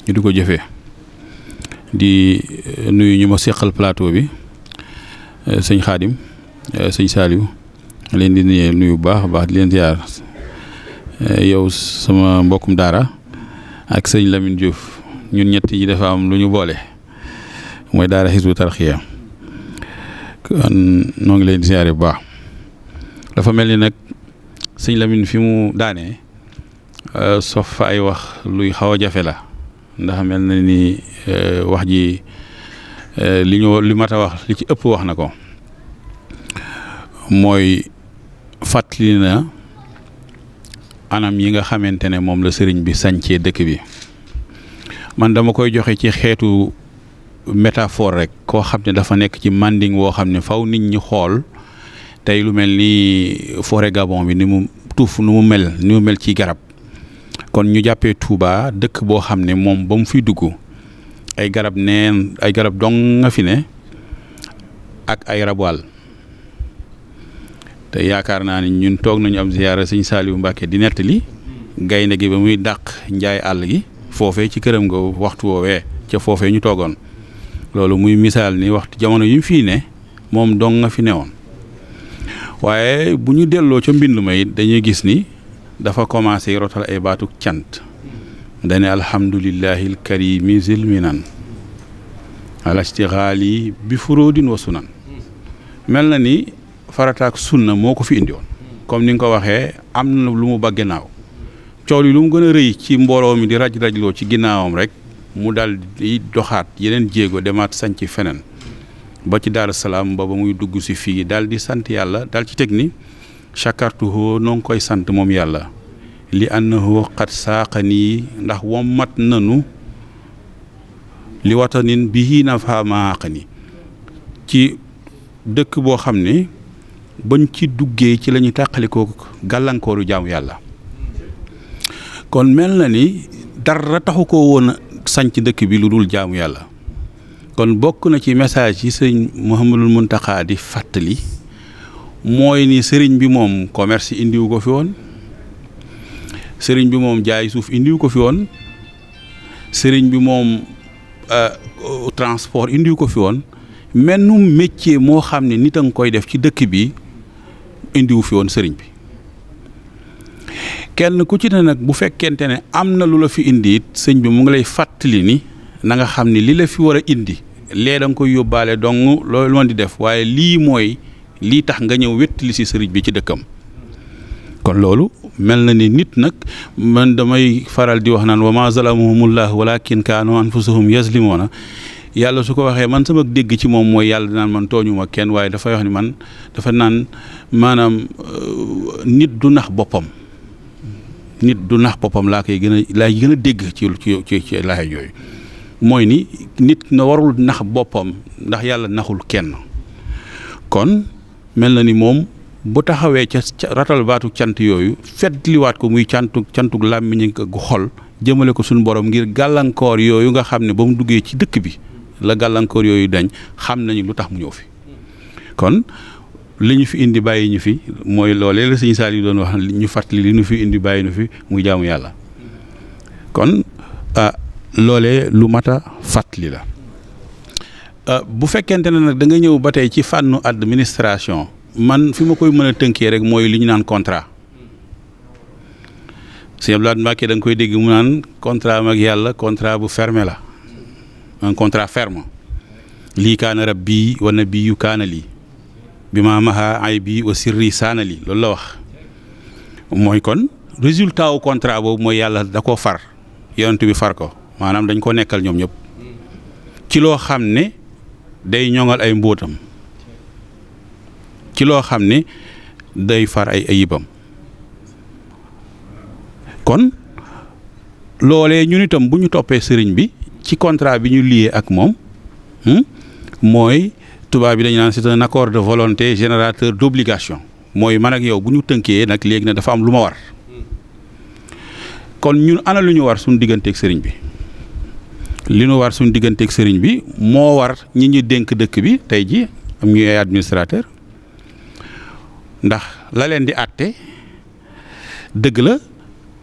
[SPEAKER 2] ñu di ko jëfee. di eh, nuyu ñu ma seqal plateau bi eh, sëñ Xaadim eh, sëñ Saaliw leen di nuyu bu baax baax di leen ziar yow sama mbokkum daara ak sëñ Lamine Diouf ñun ñett dafa am lu ñu boole mooy daara Hizbut Tarqiyyah kon noo ngi leen di ziare bu baax dafa mel ni nag sëñ Lamine fi mu daane sof fa ay wax luy xaw a jafe la ndax mel na ni e, wax ji e, li ñu li mata wax li ci ëpp wax na ko mooy fàttli na anam yi nga xamante ne moom la sëriñ bi sañcee dëkk bi man dama koy joxe ci xeetu métaphore rek koo xam ne dafa nekk ci manding woo xam ne faw nit ñi xool tey lu mel ni forêt Gabon bi ni mu tuuf nu mu mel ni mu mel ci garab kon ñu jàppee Touba dëkk boo xam ne moom ba mu fiy dugg ay garab neen ay garab dong nga fi ne ak ay rabwal te yaakaar naa ni ñun toog nañu am ziyaara sëñ Saaliwu Mbàkke di nettali gaynde gi ba muy dàq njaay àll gi foofee ci këram nga waxtu woowee ca foofee ñu toogoon loolu muy misaal ni waxtu jamono yi mu fii ne moom dong a fi newoon waaye bu ñu delloo ca mbind ma dañuy gis ni dafa commencé rotal ay baatuk cant dane alhamdulillahi alkarimi zilminan alastixaali bi furóodin wa sunan mel na ni farataak na moo ko fi indi woon comme ni nga ko waxee am na lu mu ba ginnaaw coow yi lu mu gën a rëy ci mbooloo mi di raj rajloo ci ginnaawam rek mu daal di doxaat yeneen jéego demaat sanc feneen ba ci Daaru Salaam ba ba muy dugg si fii dal di sant yàlla daal ci teg ni chakartuhu noo ngi koy sant moom yàlla li annahu qad saaqanii ndax wommat nanu li watanin bihi nafa ni ci dëkk boo xam ni bañ ci duggee ci lañuy ñu gàllankooru jaamu yàlla kon mel na ni dara taxu ko woon sanc dëkk bi lu dul jaamu yàlla kon bokk na ci message yi sëñ Mouhamadul Mountakha di fàttali mooy ni sëriñ bi moom commerce indiwu ko fi woon sëriñ bi moom jaay suuf indiwu ko fi woon sëriñ bi moom euh, transport indiwu ko fi woon mennu métier moo xam ne nit a nga koy def ci dëkk bi indiwu fi woon sëriñ bi kenn ku ci ne nag bu fekkente ne am na lu la fi indi it sëñ bi mu ngi lay fàttali ni na nga xam ni li la fi war a indi lee da nga koy yóbbaale dong loolu loon di def waaye lii mooy lii tax nga ñëw wettali si sëriñ bi ci dëkkam kon loolu mel na ni nit nag man damay faral di wax naan wa ma zalamuhumullah walakin kaanu anfusahum yazlimuna yàlla su ko waxee man sama dégg ci moom mooy yàlla naan man tooñu kenn waaye dafay wax ni man dafa naan maanaam euh, nit du nax boppam nit du nax boppam laa koy gën a laay gën a dégg ci ci ci laay yooyu mooy ni nit na warul nax boppam ndax yàlla naxul kenn kon mel na ni moom bu taxawee ca ratal baatu cant yooyu fetliwaat ko muy cantu cantug làmmiñ gu xol jëmale ko suñu borom ngir gàllankoor yooyu nga xam ne ba mu duggee ci dëkk bi la gàllankoor yooyu dañ xam nañu lu tax mu ñëw fi kon li ñu fi indi bàyyi ñu fi mooy loolee la sëñ doon wax ñu fàttali li ñu indi bàyyi ñu fi muy jaamu yàlla kon ah, loolee lu mat a fàttali la Euh, bu fekkente ne nag da nga ñëw ba tey ci fànnu administration man fi ma koy mën a tënkee rek mooy lu ñu naan contrat sëñ Abdoulaye Mbacke da nga koy dégg mu naan contrat mag yàlla contrat bu ferme la un contrat ferme lii kaana rab bii wana bii yu kaana lii bi maa maha ay bii wa sirri saana lii loolu la wax mooy kon résultat wu contrat boobu mooy yàlla da ko far yonent bi far ko maanaam dañ ko nekkal ñoom ñëpp ci xam ne day ñoŋal ay mbóotam ci loo xam ne day far ay ayibam kon loole ñun itam bu ñu toppee sëriñ bi ci contrat bi ñu lié ak moom hmm, mooy tubaab bi dañu naan c'est un accord de volonté générateur d'obligation mooy man ak yow bu ñu tënkee nag léegi ne dafa am lu ma war kon ñun ana lu ñu war suñu digganteeg sëriñ bi li nu war suñ digganteek sëriñ bi moo war ñi ñu dénk dëkk bi tey ji am ñu ay administrateur ndax la leen di àtte dëgg la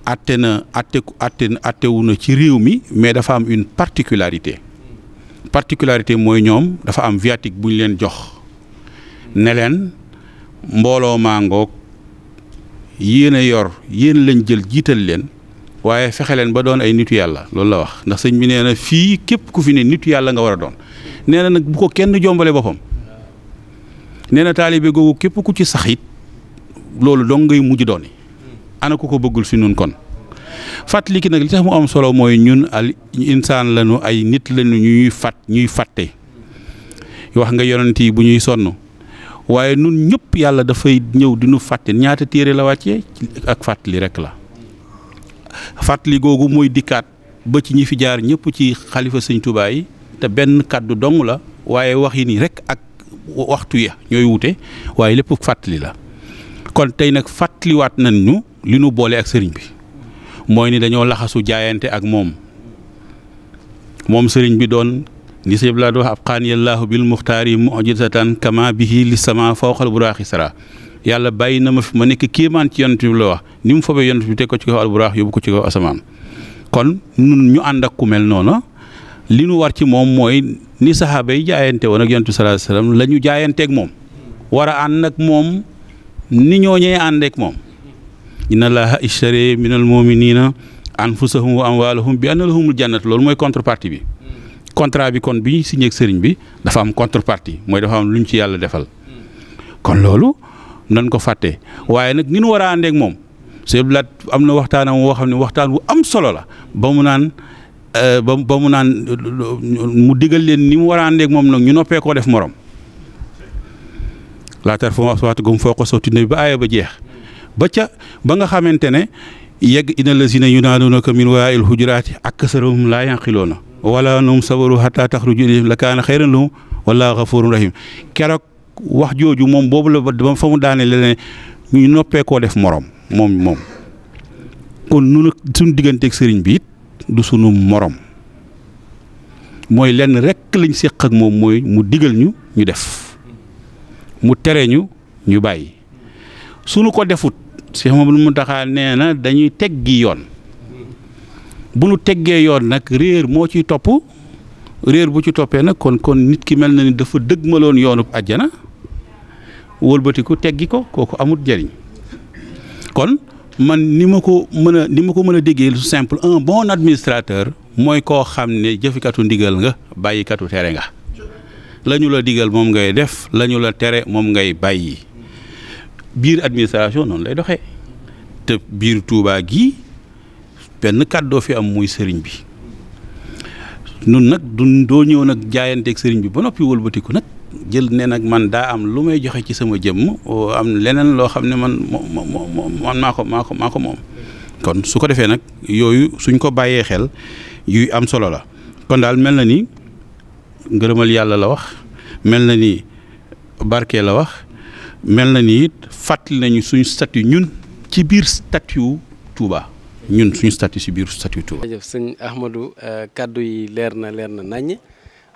[SPEAKER 2] àtte na àtte àtte àttewu na ci réew mi mais dafa am une particularité particularité mooy ñoom dafa am viatique bu ñu leen jox ne leen mbooloo maa ngoog yéen a yor yéen lañ jël jiital leen waaye fexe leen ba doon ay nitu yàlla loolu la wax ndax sëñ bi nee na fii képp ku fi ne nitu yàlla nga war a doon nee na nag bu ko kenn jombalee boppam nee na taalibe googu képp ku ci sax it loolu dong ngay mujj doon ana ku ko bëggul si nun kon fàttali ki nag li tax mu am solo mooy ñun al insaan lañu ay nit lañu ñuy fat ñuy fàtte wax nga yonent yi bu ñuy sonn waaye nun ñëpp yàlla dafay ñëw di fàtte ñaata téere la wàcce ak fàttali rek la fàttali googu mooy dikkaat ba ci ñi fi jaar ñépp ci xalifa sëñ Tuubaa te benn kàddu doŋ la waaye wax yi nii rek ak waxtu ya ñooy wute waaye lépp fàttali la kon tey nag fàttaliwaat nañ ñu li nu boole ak sëriñ bi mooy ni dañoo laxasu jaayante ak moom moom sëriñ bi doon ni sëñ Abdoulaye wax ab xaan yallaahu bil muxtaari mujizatan bi bihi li sama fawqal buraaxi sara yàlla bàyyi na ma fi ma nekk kéemaan ci yonent bi la wax ni mu foobee yonent bi teg ko ci kaw alburaax yóbbu ko ci kaw asamaan kon nun ñu ànd ak ku mel noonu li nu war ci moom mooy ni saxaaba yi jaayante woon ak yonent bi sallallahu alayhi wasallam la ñu jaayanteeg moom war a ànd ak moom ni ñoo ñee àndeek moom inna allaha ishtari minal muminina anfusahum wa amwalahum bi loolu mooy contrepartie bi contrat bi kon bi ñu signé sëriñ bi dafa am contrepartie mooy dafa am lu ñu ci yàlla defal kon loolu nan ko fàttee waaye nag ni nu war a àndeek moom sëñ Abdou am na waxtaanam woo xam ne waxtaan wu am solo la ba mu naan euh, ba ba mu naan mu digal leen ni mu war a àndeek moom nag ñu noppee koo def morom laatar fa aswaatukum fawqa sawti nabi ba aaya ba jeex ba ca ba nga xamante ne yegg ina lazina yunaaduunaka min waa'il hujuraati aksaruhum laa yanqiluuna wala num sabaru hatta taxruju ilayhim la kaana xayran lahum wallaahu gafuurun rahiim keroog wax jooju moom boobu la ba fa mu daane leneen ñu noppee koo def moroom moom moom kon nu suñu digganteeg sëriñ bi it du sunu moroom mooy lenn rekk lañ séq ak moom mooy mu digal ñu ñu def mu tere ñu ñu bàyyi sunu ko defut Cheikh Mamadou Mountakha nee na dañuy teggi yoon bu nu teggee yoon nag réer moo ciy topp réer bu ci toppee nag kon kon nit ki mel na ni dafa dëgmaloon yoonub àjjana walbatiku teggi ko kooku amut njëriñ kon man ni ma ko mën a ni ma ko mën a déggee lu simple un bon administrateur mooy koo xam ne jëfikatu ndigal nga bàyyikatu tere nga la ñu la diggal moom ngay def lañu la tere moom ngay bàyyi biir administration noonu lay doxee te biir Tuubaa gi benn kàddoo fi am muy sëriñ bi nun nag du doo ñëw nag jaayanteeg sëriñ bi ba noppi wëlbatiku nag jël ne nag man daa am lu may joxe ci sama jëmm am leneen loo xam ne man man maa ko maa ko maa ko moom kon su ko defee nag yooyu suñ ko bàyyee xel yuy am solo la kon daal mel na ni ngërëmal yàlla la wax mel na ni barke la wax mel na nii it fàttali nañu suñ statut ñun ci biir statut Touba ñun suñu statut si biir statut Touba.
[SPEAKER 4] jërëjëf sëñ Ahmadou euh, kàddu yi leer na leer na naññ wax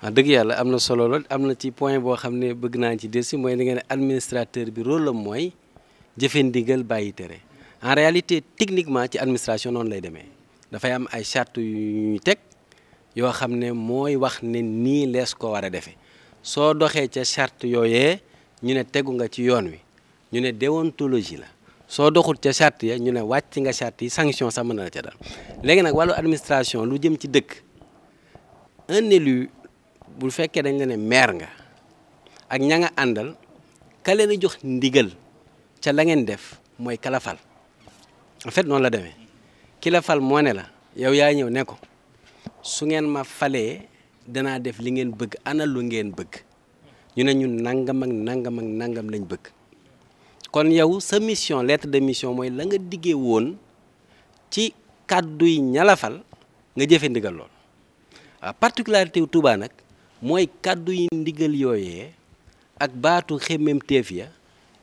[SPEAKER 4] ah, dëgg yàlla am na solo lool am na ci point boo xam ne bëgg naa ci des si mooy li ngeen administrateur bi rôle mooy jëfe ndigal bàyyi tere en réalité techniquement ci administration noonu lay demee dafay am ay charte yu ñuy teg yoo xam ne mooy wax ne nii lees ko war a defee soo doxee ca charte yooyee ñu ne tegu nga ci yoon wi ñu ne déontologie la. soo doxul ca charte ya ñu ne wàcc nga charte yi sanction sax mën na la ca dal léegi nag wàllu administration lu jëm ci dëkk un élu bu fekkee dañ la ne maire nga ak ña nga àndal ka leen jox ndigal ca la ngeen def mooy kalafal en fait noonu la demee ki la moo ne la yow yaa ñëw ne ko su ngeen ma falee danaa def li ngeen bëgg ana lu ngeen bëgg ñu ne ñun nangam ak nangam ak nangam lañ bëgg kon yow sa mission lettre de mission mooy la nga diggee woon ci kàdduy ñalafal nga jëfe ndigal lool waaw ah, particularité wu nag mooy kàddu yi ndigal yooyee ak baatu xemmem teef ya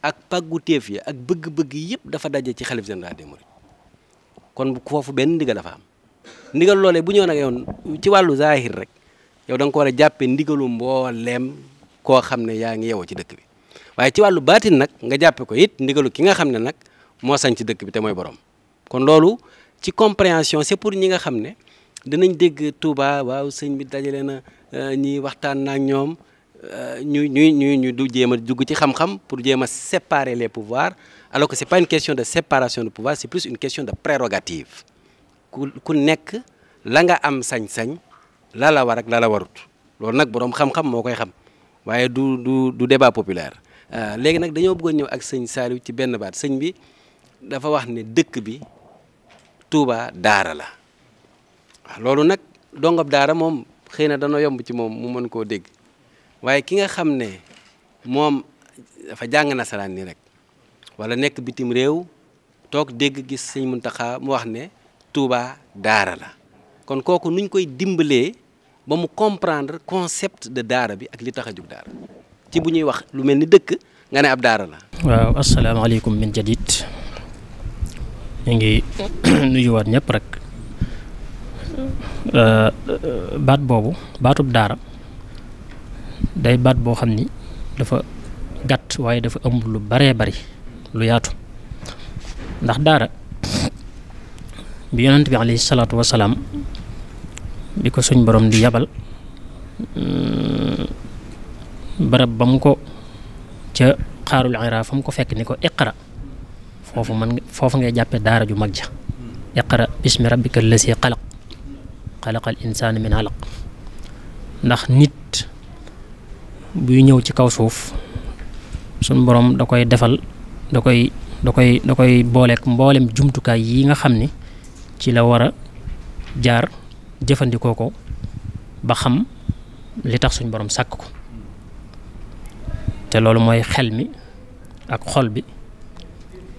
[SPEAKER 4] ak pàggu teef ya ak bëgg-bëgg yëpp dafa daje ci xalif général des mourides kon foofu benn ndigal dafa am ndigal loolee bu ñëw nag yow ci wàllu zahir rek yow da ko war a jàppee ndigalu mbooleem koo xam ne yaa ngi yewoo ci dëkk bi waaye ci wàllu baatin nag nga jàppe ko it ndigalu ki nga xam ne nag moo sañ ci dëkk bi te mooy borom kon loolu ci compréhension c'est pour ñi nga xam ne dinañ dégg Touba waaw sëñ bi dajale na euh, ñi waxtaan nag ak ñoom euh, ñu ñu ñu ñu du jéem a dugg ci xam-xam pour jéem a séparer les pouvoirs alors que c'est pas une question de séparation de pouvoir c'est plus une question de prérogative ku ku nekk la nga am sañ-sañ la la war ak lala la warut loolu nag boroom xam-xam moo koy xam waaye du du du débat populaire Euh, léegi nag dañoo bugg ñëw ak sëñ Saliou ci benn baat sëñ bi dafa wax ne dëkk bi Touba daara la waaw loolu nag dongob daara moom xëy na dana yomb ci moom mu mën koo dégg waaye ki nga xam ne moom dafa jàng nasaraan ni rek wala nekk bitim réew toog dégg gis sëñ Muntaxa mu wax ne Touba daara la kon kooku nuñ koy dimbalee ba mu comprendre concept de daara bi ak li tax a jug daara ci bu ñuy wax lu mel ni dëkk nga ne ab daara la.
[SPEAKER 5] waaw asalaamaaleykum min jadid ñu ngi [CLEARS THROAT] nuyuwaat ñëpp rek euh, euh, baat boobu baatub daara day baat boo xam ni dafa gàtt waaye dafa ëmb lu baree bari lu yaatu ndax daara [CLEARS THROAT] bi yonent bi alayhi salaatu wasalaam bi ko suñ borom di yabal. Mm, barab ba mu ko ca xaarul ira fa mu ko fekk ni ko iqra foofu man foofu ngay jàppe daara ju mag ja iqra bismi rabbika lasi xalaq xalaqal insaana min alaq ndax nit buy ñëw ci kaw suuf suñ boroom da koy defal da koy da koy da koy booleek mboolem jumtukaay yi nga xam ni ci la war a jaar jëfandikoo ko ba xam li tax suñ boroom sàkk ko te loolu mooy xel mi ak xol bi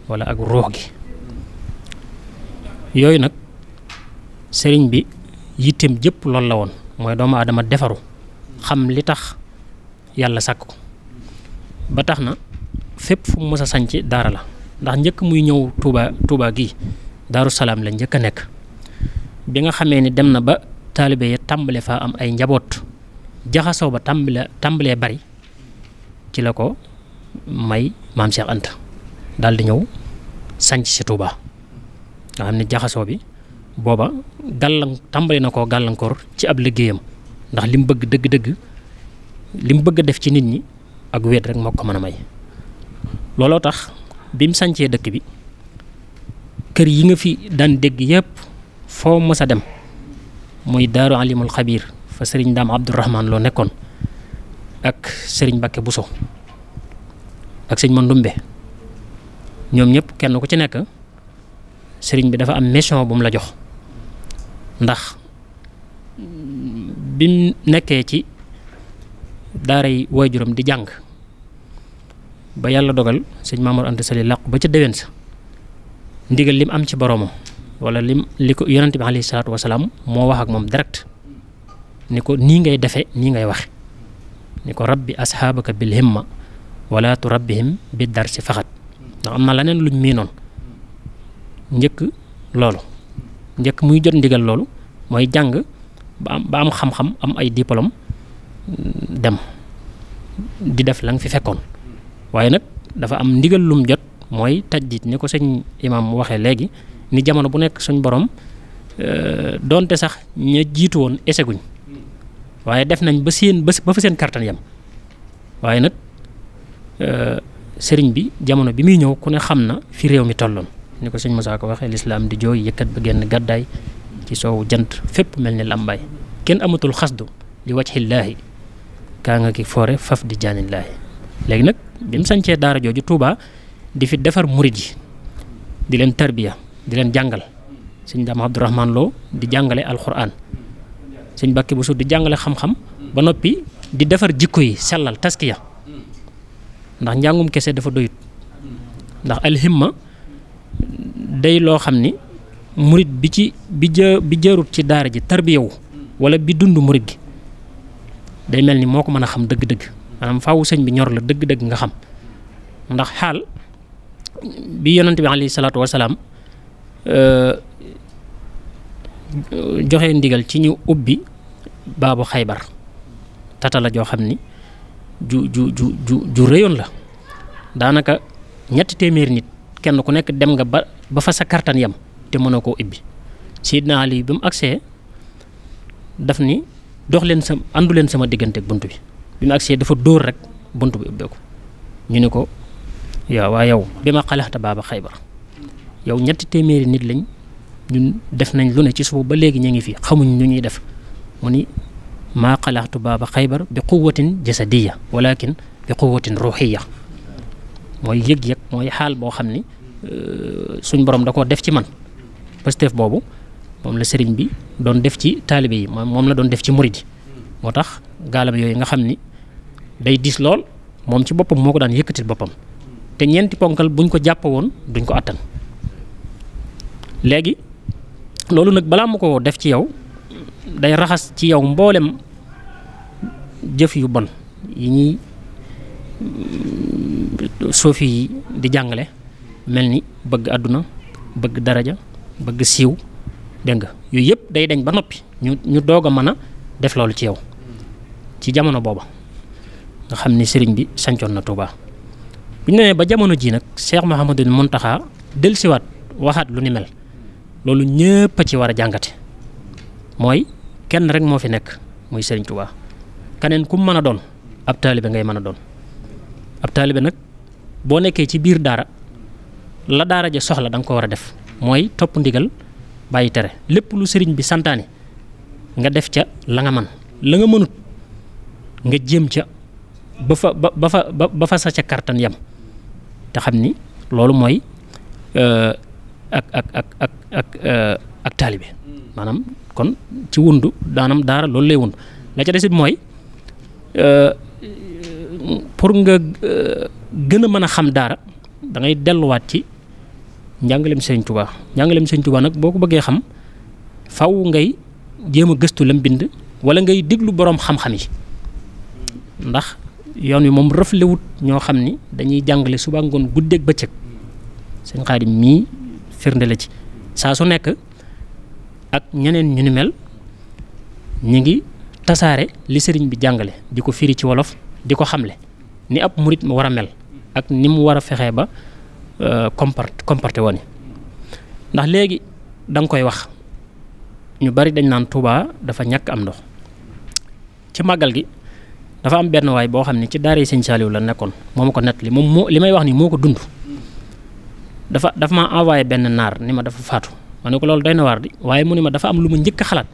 [SPEAKER 5] walla ak ruux gi yooyu nag sëriñ bi yitteem jëpp loolu la woon mooy doomu aadama defaru xam li tax yàlla sàkk ko ba tax na fépp fu mu mës a sanc daara la ndax njëkk muy ñëw Touba Touba gi Daaru Salaam la njëkk a nekk bi nga xamee ni dem na ba taalibe ya tàmbale fa am ay njaboot jaxasoo ba tàmbale tàmbalee bari ci la ko may maam Cheikh Anta daal ñëw sanc si Touba nga xam ne jaxasoo bi booba gàllan tàmbali na koo gàllankoor ci ab liggéeyam ndax li mu bëgg dëgg-dëgg li bëgg a def ci nit ñi ak wéet rek moo ko mën a may looloo tax bi mu sancee dëkk bi kër yi nga fi daan dégg yëpp foo mës a dem muy daaru alimul xabiir fa sëriñ daam abdourahman loo nekkoon ak Serigne Mbacké Bousso ak sëñ Mandoumbe ñoom ñëpp kenn ku ci nekk sëriñ bi dafa am mession bu mu la jox ndax mm, bi nekkee ci daaray waajuram di jàng ba yàlla dogal sëñ Mamour Anta Sali làqu ba ca déwén sa ndigal mu am ci boroomam wala lim li ko yonent bi alayhi salaatu wasalaam moo wax ak moom direct ni ko nii ngay defe nii ngay wax ni ko rabbi asxaabaka bil himma wala tu rabbihim bi dar si faxat ndax am na leneen luñ miinoon njëkk loolu njëkk muy jot ndigal loolu mooy jàng ba am am xam-xam am ay diplôme mm, dem di def la nga fi fekkoon waaye nag dafa am ndigal lum jot mooy diit ni ko sëñ imaam waxee léegi ni jamono bu nekk suñ borom euh, donte sax ña jiitu woon eseguñ waaye def nañ ba seen ba fa seen kartan yam waaye nag euh, sëriñ bi jamono bi muy ñëw ku ne xam na fi réew mi tolloon ni ko sëñ Moussa ko waxee lislaam di jooy yëkkat ba génn gàddaay ci soowu jant fépp mel ni làmbaay kenn amatul xasdu li wajhillaahi kaa nga ki foore faf di jaanillaahi léegi nag bi mu sancee daara jooju Touba di fi defar murid yi di leen tarbiya di leen jàngal sëñ Daam Abdourahman Lo di jàngale alxuraan sëñ Mbàkke Bousso di jàngale xam-xam ba noppi di defar jikko yi sellal taskiya ndax njàngum kese dafa doyut ndax alhimma day loo xam ni murit bi ci bi jë bi jërut ci daara ji tarbiyawu wala bi dund murit gi day mel ni moo ko mën a xam dëgg-dëgg maanaam faawu sëñ bi ñor la dëgg-dëgg nga xam ndax xaal bi yonante bi alayhi salaatu wasalaam euh, joxe ndigal ci ñu ubbi baabu xaybar tatala joo xam ni ju ju ju ju ju réyoon la daanaka ñetti téeméeri nit kenn ku nekk dem nga ba ba fa sa kartan yam te mënoo koo ubbi Seydina Ali bi mu agsee daf ni dox leen sa àndu leen sama diggante bunt bi bi mu agsee dafa dóor rek bunt bi ubbeeku ñu ni ko yow waa yow bi ma xalaxta baaba xaybar yow ñetti téeméeri nit lañ ñun def nañ lu ne ci suuf ba léegi ñu ngi fi xamuñ ñu ñuy def mu ni maa xalaatu baaba xaybar bi quwatin jasadiya walakin bi quwatin ruuxiya mooy yëg-yëg mooy xaal boo xam ni euh, suñ borom da ko def ci man Pastef boobu moom la sëriñ bi doon def ci taalibe yi moom la doon def ci murid yi moo tax gaalam yooyu nga xam ni day diis lool moom ci boppam moo ko daan yëkkatil boppam te ñeenti ponkal buñ ko jàpp woon duñ ko attan léegi loolu nag balaa mu ko def ci yow day raxas ci yow mboolem jëf yu bon yi ñuy mm, soofi di jàngale mel ni bëgg àdduna bëgg daraja bëgg siiw dégg nga yooyu yëpp day deñ ba noppi ñu ñu doog a mën a def loolu ci yow ci jamono booba nga xam ni sëriñ bi sancoon na Touba bu ñu nee ba jamono ji nag Cheikh Mouhamadul Mountakha dellusiwaat waxaat lu ni mel. loolu ñëpp a ci war a jàngate mooy kenn rek moo fi nekk muy Serigne Touba keneen ku mën a doon ab taalibe ngay mën a doon ab taalibe nag boo nekkee ci biir daara la daara ja soxla danga ko war a def mooy topp ndigal bàyyi tere lépp lu sëriñ bi santaane nga def ca la nga man la nga mënut nga jéem ca ba fa ba fa ba fa sa ca kartan yam te xam ni loolu mooy euh, ak ak ak ak ak euh, ak taalibe maanaam kon ci wundu daanam daara loolu lay wund la ca desit mooy euh, pour nga euh, gën a mën a xam daara dangay delluwaat ci njàngaleem Sëriñ Tuubaa njàngaleem Sëriñ Tuubaa nag boo ko bëggee xam faw ngay jéem a gëstu la bind wala ngay déglu boroom xam-xam yi ndax yoon wi moom rëflewut ñoo xam ni dañuy jàngale subaa ngoon guddeeg bëccëg seen xaadim mii firnde la ci saa su nekk ak ñeneen ñu ni mel ñi ngi tasaare li sëriñ bi jàngale di ko firi ci wolof di ko xamle ni ab murit war a mel ak ni mu war a fexee ba euh, comparte comporté woon ndax léegi danga koy wax ñu bari dañ naan tuuba dafa ñàkk am ndox ci màggal gi dafa am benn waay boo xam ne ci daara yi sëñ Saliou la nekkoon moo ma ko moom li may wax ni moo ko dund dafa dafa ma envoyé benn naar ni ma dafa faatu ma ne ko loolu doy na waar di waaye mu ne ma dafa am lu ma njëkk xalaat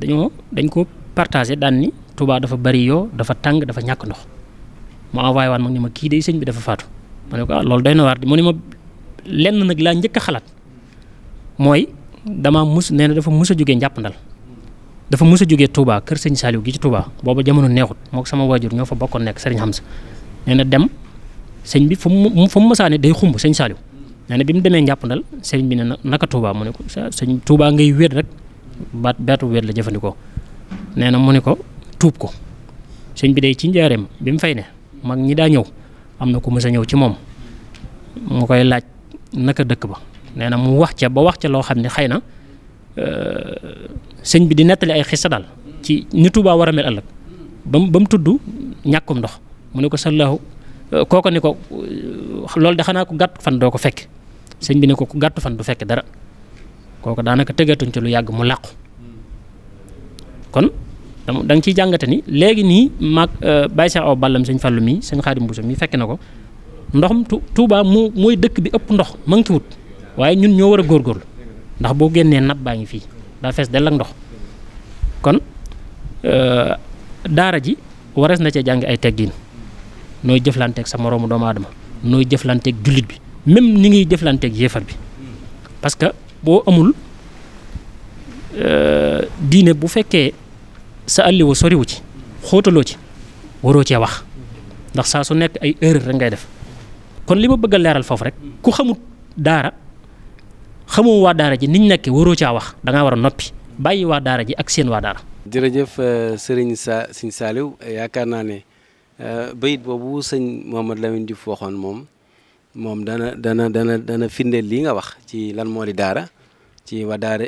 [SPEAKER 5] dañoo dañ ko partagé daan ni Touba dafa bari yoo dafa tàng dafa ñàkk ndox mu envoyé waan ma ni ma kii day sëñ bi dafa faatu ma ne ah, loolu doy na waar di mu ma lenn nag laa njëkk a xalaat mooy dama mus nee na dafa mus a njàpp ndal dafa mus a jógee Touba kër sëñ Saliou gi ci Touba booba jamono neexut mook sama waajur ñoo fa bokkoon nekk sëriñ Hamza nee na dem sëñ bi fu mu fu mu masaane day xumb sëñ Saliou nee na bi mu demee njàppandal sëñ bi ne na naka Touba mu ne ko sëñ tuubaa ngay wér rek baat baatu wér la jëfandikoo nee na mu ne ko tuub ko sëñ bi day ci njaareem bi mu fay ne mag ñi daa ñëw am na ku mës a ñëw ci moom mu koy laaj naka dëkk ba nee na mu wax ca ba wax ca loo xam ne xëy na euh, sëñ bi di nettali ay xissa daal ci ni Touba war a mel ëllëg ba mu ba mu tudd ñàkkum ndox mu ne ko sallahu Euh, kooko ni ko euh, loolu de xanaa ku gàtt fan doo ko fekk sëñ bi ne ko ku gàtt fan du fekk dara kooko daanaka tëggatuñ ci lu yàgg mu làqu kon danga nga ciy jàngate ni léegi nii mag euh, Baye Cheikh Awa Ballam sëñ Fallou mii sëñ Xaadim Mbuso mii fekk na ko ndoxum Touba mu mooy dëkk bi ëpp ndox wut waaye ñun ñoo war a góorgóorlu ndax boo génnee nat baa ngi fii daa fees dell ak ndox kon daara ji warees na cee jàng ay teggiin nooy jëflanteeg sa moroomu doomu aadama nooy jëflanteeg jullit bi même ni ngiy jëflanteeg yéefar bi parce que boo amul euh, diine bu fekkee sa àlliwa soriwu ci xóotaloo ci waroo cee wax ndax saa su nekk ay erreur rek ngay def kon li ma bëgg a leeral foofu rek ku xamut daara xamoo waa daara ji ñu nekkee waroo caa wax da war a noppi bàyyi waa daara ji ak seen waa daara.
[SPEAKER 4] jërëjëf euh, sëriñ Sa Serigne Saliou yaakaar naa ne. Euh, bayit boobu sëñ Mohamed Lamine Diouf waxoon moom moom dana dana dana dana firndeel lii nga wax ci lan moo di daara ci wa daara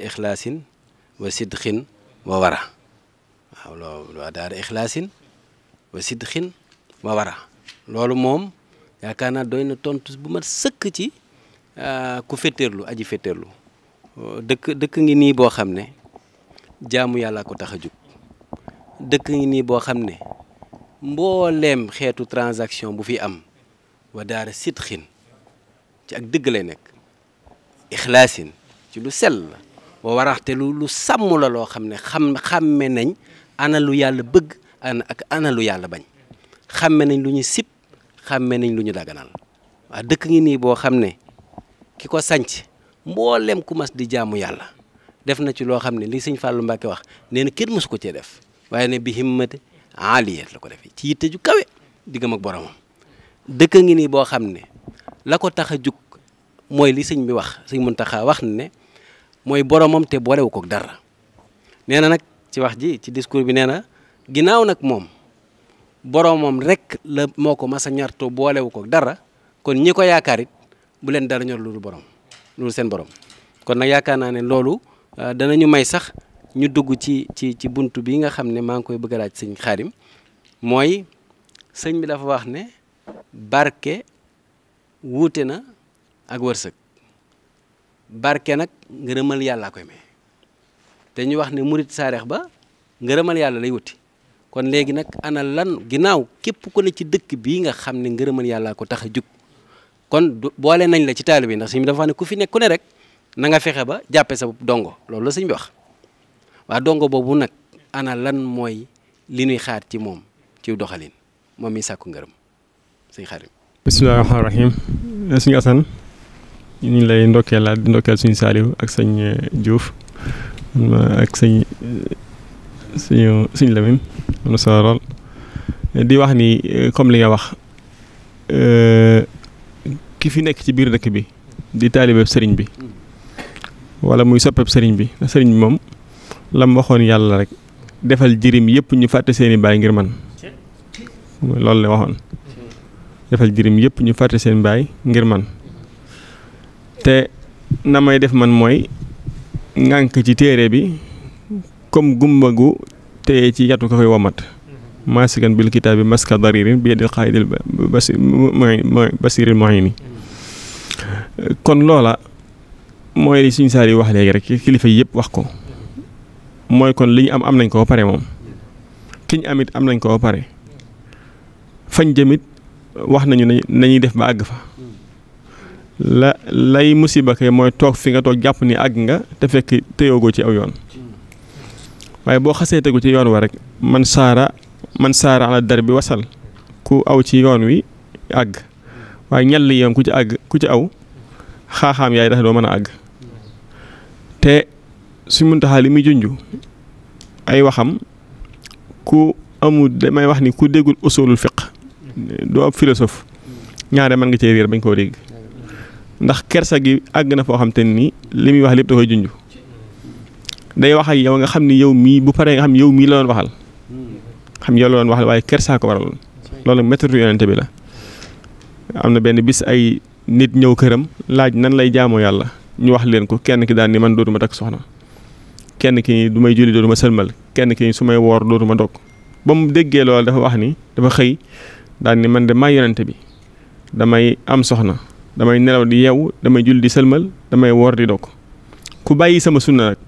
[SPEAKER 4] wa sidxin wa wara waaw wa sidxin wa wara loolu moom yaakaar naa doy na tontu bu mat sëkk ci euh, ku féttéerlu aji féttéerlu dëkk dëkk ngi nii boo xam ne jaamu yàllaa ko tax a jug dëkk ngi nii boo xam ne mbooleem xeetu transaction bu fi am wa daara sitxin ci ak dëgg lay nekk ixlaasin ci lu sel la wa waraxte lu sàmm la loo xam ne xam xàmme nañ ana lu yàlla bëgg ana ak ana lu yàlla bañ xàmme nañ lu ñu sib xàmme nañ lu ñu daganal waa dëkk ngi nii boo xam ne ki ko sanc mbooleem ku mas di jaamu yàlla def na ci loo xam ne li sëñ Fallou Mbacke wax nee kenn mësu ko cee def waaye ne bi himmate aliyat la ko defee ci yitte ju kawe diggam ak boromam dëkk ngi nii boo xam ne la ko tax a jug mooy li sëñ bi wax sëñ mun Muntaxa wax ne mooy boromam te boolewu kook dara nee na nag ci wax ji ci discours bi nee na ginnaaw nag moom boromam rek la moo ko mas a ñartu boolewu ko dara kon ñi ko yaakaar bu leen dara ñor loolu borom loolu seen borom kon nag yaakaar naa ne loolu euh, danañu may sax. ñu dugg ci ci ci bunt bi nga xam ne maa ngi koy bëgg a laaj sëñ Xaadim mooy sëñ bi dafa wax ne barke wuute na ak wërsëg barke nag ngërëmal yàllaa koy may te ñu wax ne murit saareex ba ngërëmal yàlla lay wuti kon léegi nag ana lan ginnaaw képp ku ne ci dëkk bii nga xam ne ngërëmal yàllaa ko tax a jug kon boole nañ la ci taalu bi ndax sëñ bi dafa wax ne ku fi nekk ku ne rek na nga fexe ba jàppe sa bopp dongo loolu la sëñ bi wax waa dongo boobu nag ana lan mooy li nuy xaar ci moom ci doxalin moom mi sàkku ngërëm sëñ xarim
[SPEAKER 1] bismillahi rahmaani eh, suñu asan ñu ngi lay ndokkeel laa di ndokkeel suñu saaliw ak sëñ eh, Diouf ak sëñ suñu eh, suñ Lamine am di wax ni comme li nga wax ki fi nekk ci biir dëkk bi di taalibeeb sëriñ bi wala muy soppeeb sëriñ bi ndax sëriñ bi moom lam waxoon yàlla rek defal jirim yépp ñu fàtte seeni baay ngir man loolu la waxoon defal jirim yëpp ñu fàtte seen baay ngir man te na may def man mooy ngànk ci téere bi comme gumba gu téye ci yatu ko koy womat maasikan bil kitaabi maska daririn bi yadil xaayidil basiril muhini kon loola mooy suñ suñu saar yi wax léegi rek kilifa yëpp wax ko mooy kon li ñu am am nañ ko pare moom ki ñu am am nañ ko pare fañ jëmit wax nañu ne nañuy def ba àgg fa la lay musiba kay mooy toog fi nga toog jàpp ni àgg nga te fekk téyoogoo ci aw yoon waaye boo xasee tegu ci yoon wa rek man saara man saara ala dar bi wasal ku aw ci yoon wi àgg waaye ñàll yoon ku ci àgg ku ci aw xaaxaam yaay tax doo mën a àgg te mun Muntaxa li muy junj ay waxam ku amul damay wax ni ku déggul usulul fiq doo ab philosophe ñaare mën nga cee réer bañ koo dégg ndax kersa gi àgg na foo xam te nii li muy wax lépp da koy junj day wax a yow nga xam ni yow mii bu paree nga xam yow mii la doon waxal xam yow la doon waxal waaye kersa ko waraloon loolu méthode yonente bi la am na benn bis ay nit ñëw këram laaj nan lay jaamoo yàlla ñu wax leen ko kenn ki daal ni man dootuma takk soxna. kenn ki du may julli dootuma sëlmal kenn ki su may woor dootuma dog ba mu déggee loolu dafa wax ni dafa xëy daal ni man de may yonente bi damay am soxna damay nelaw di yeewu damay julli di sëlmal damay woor di dog ku bàyyi sama sunna nag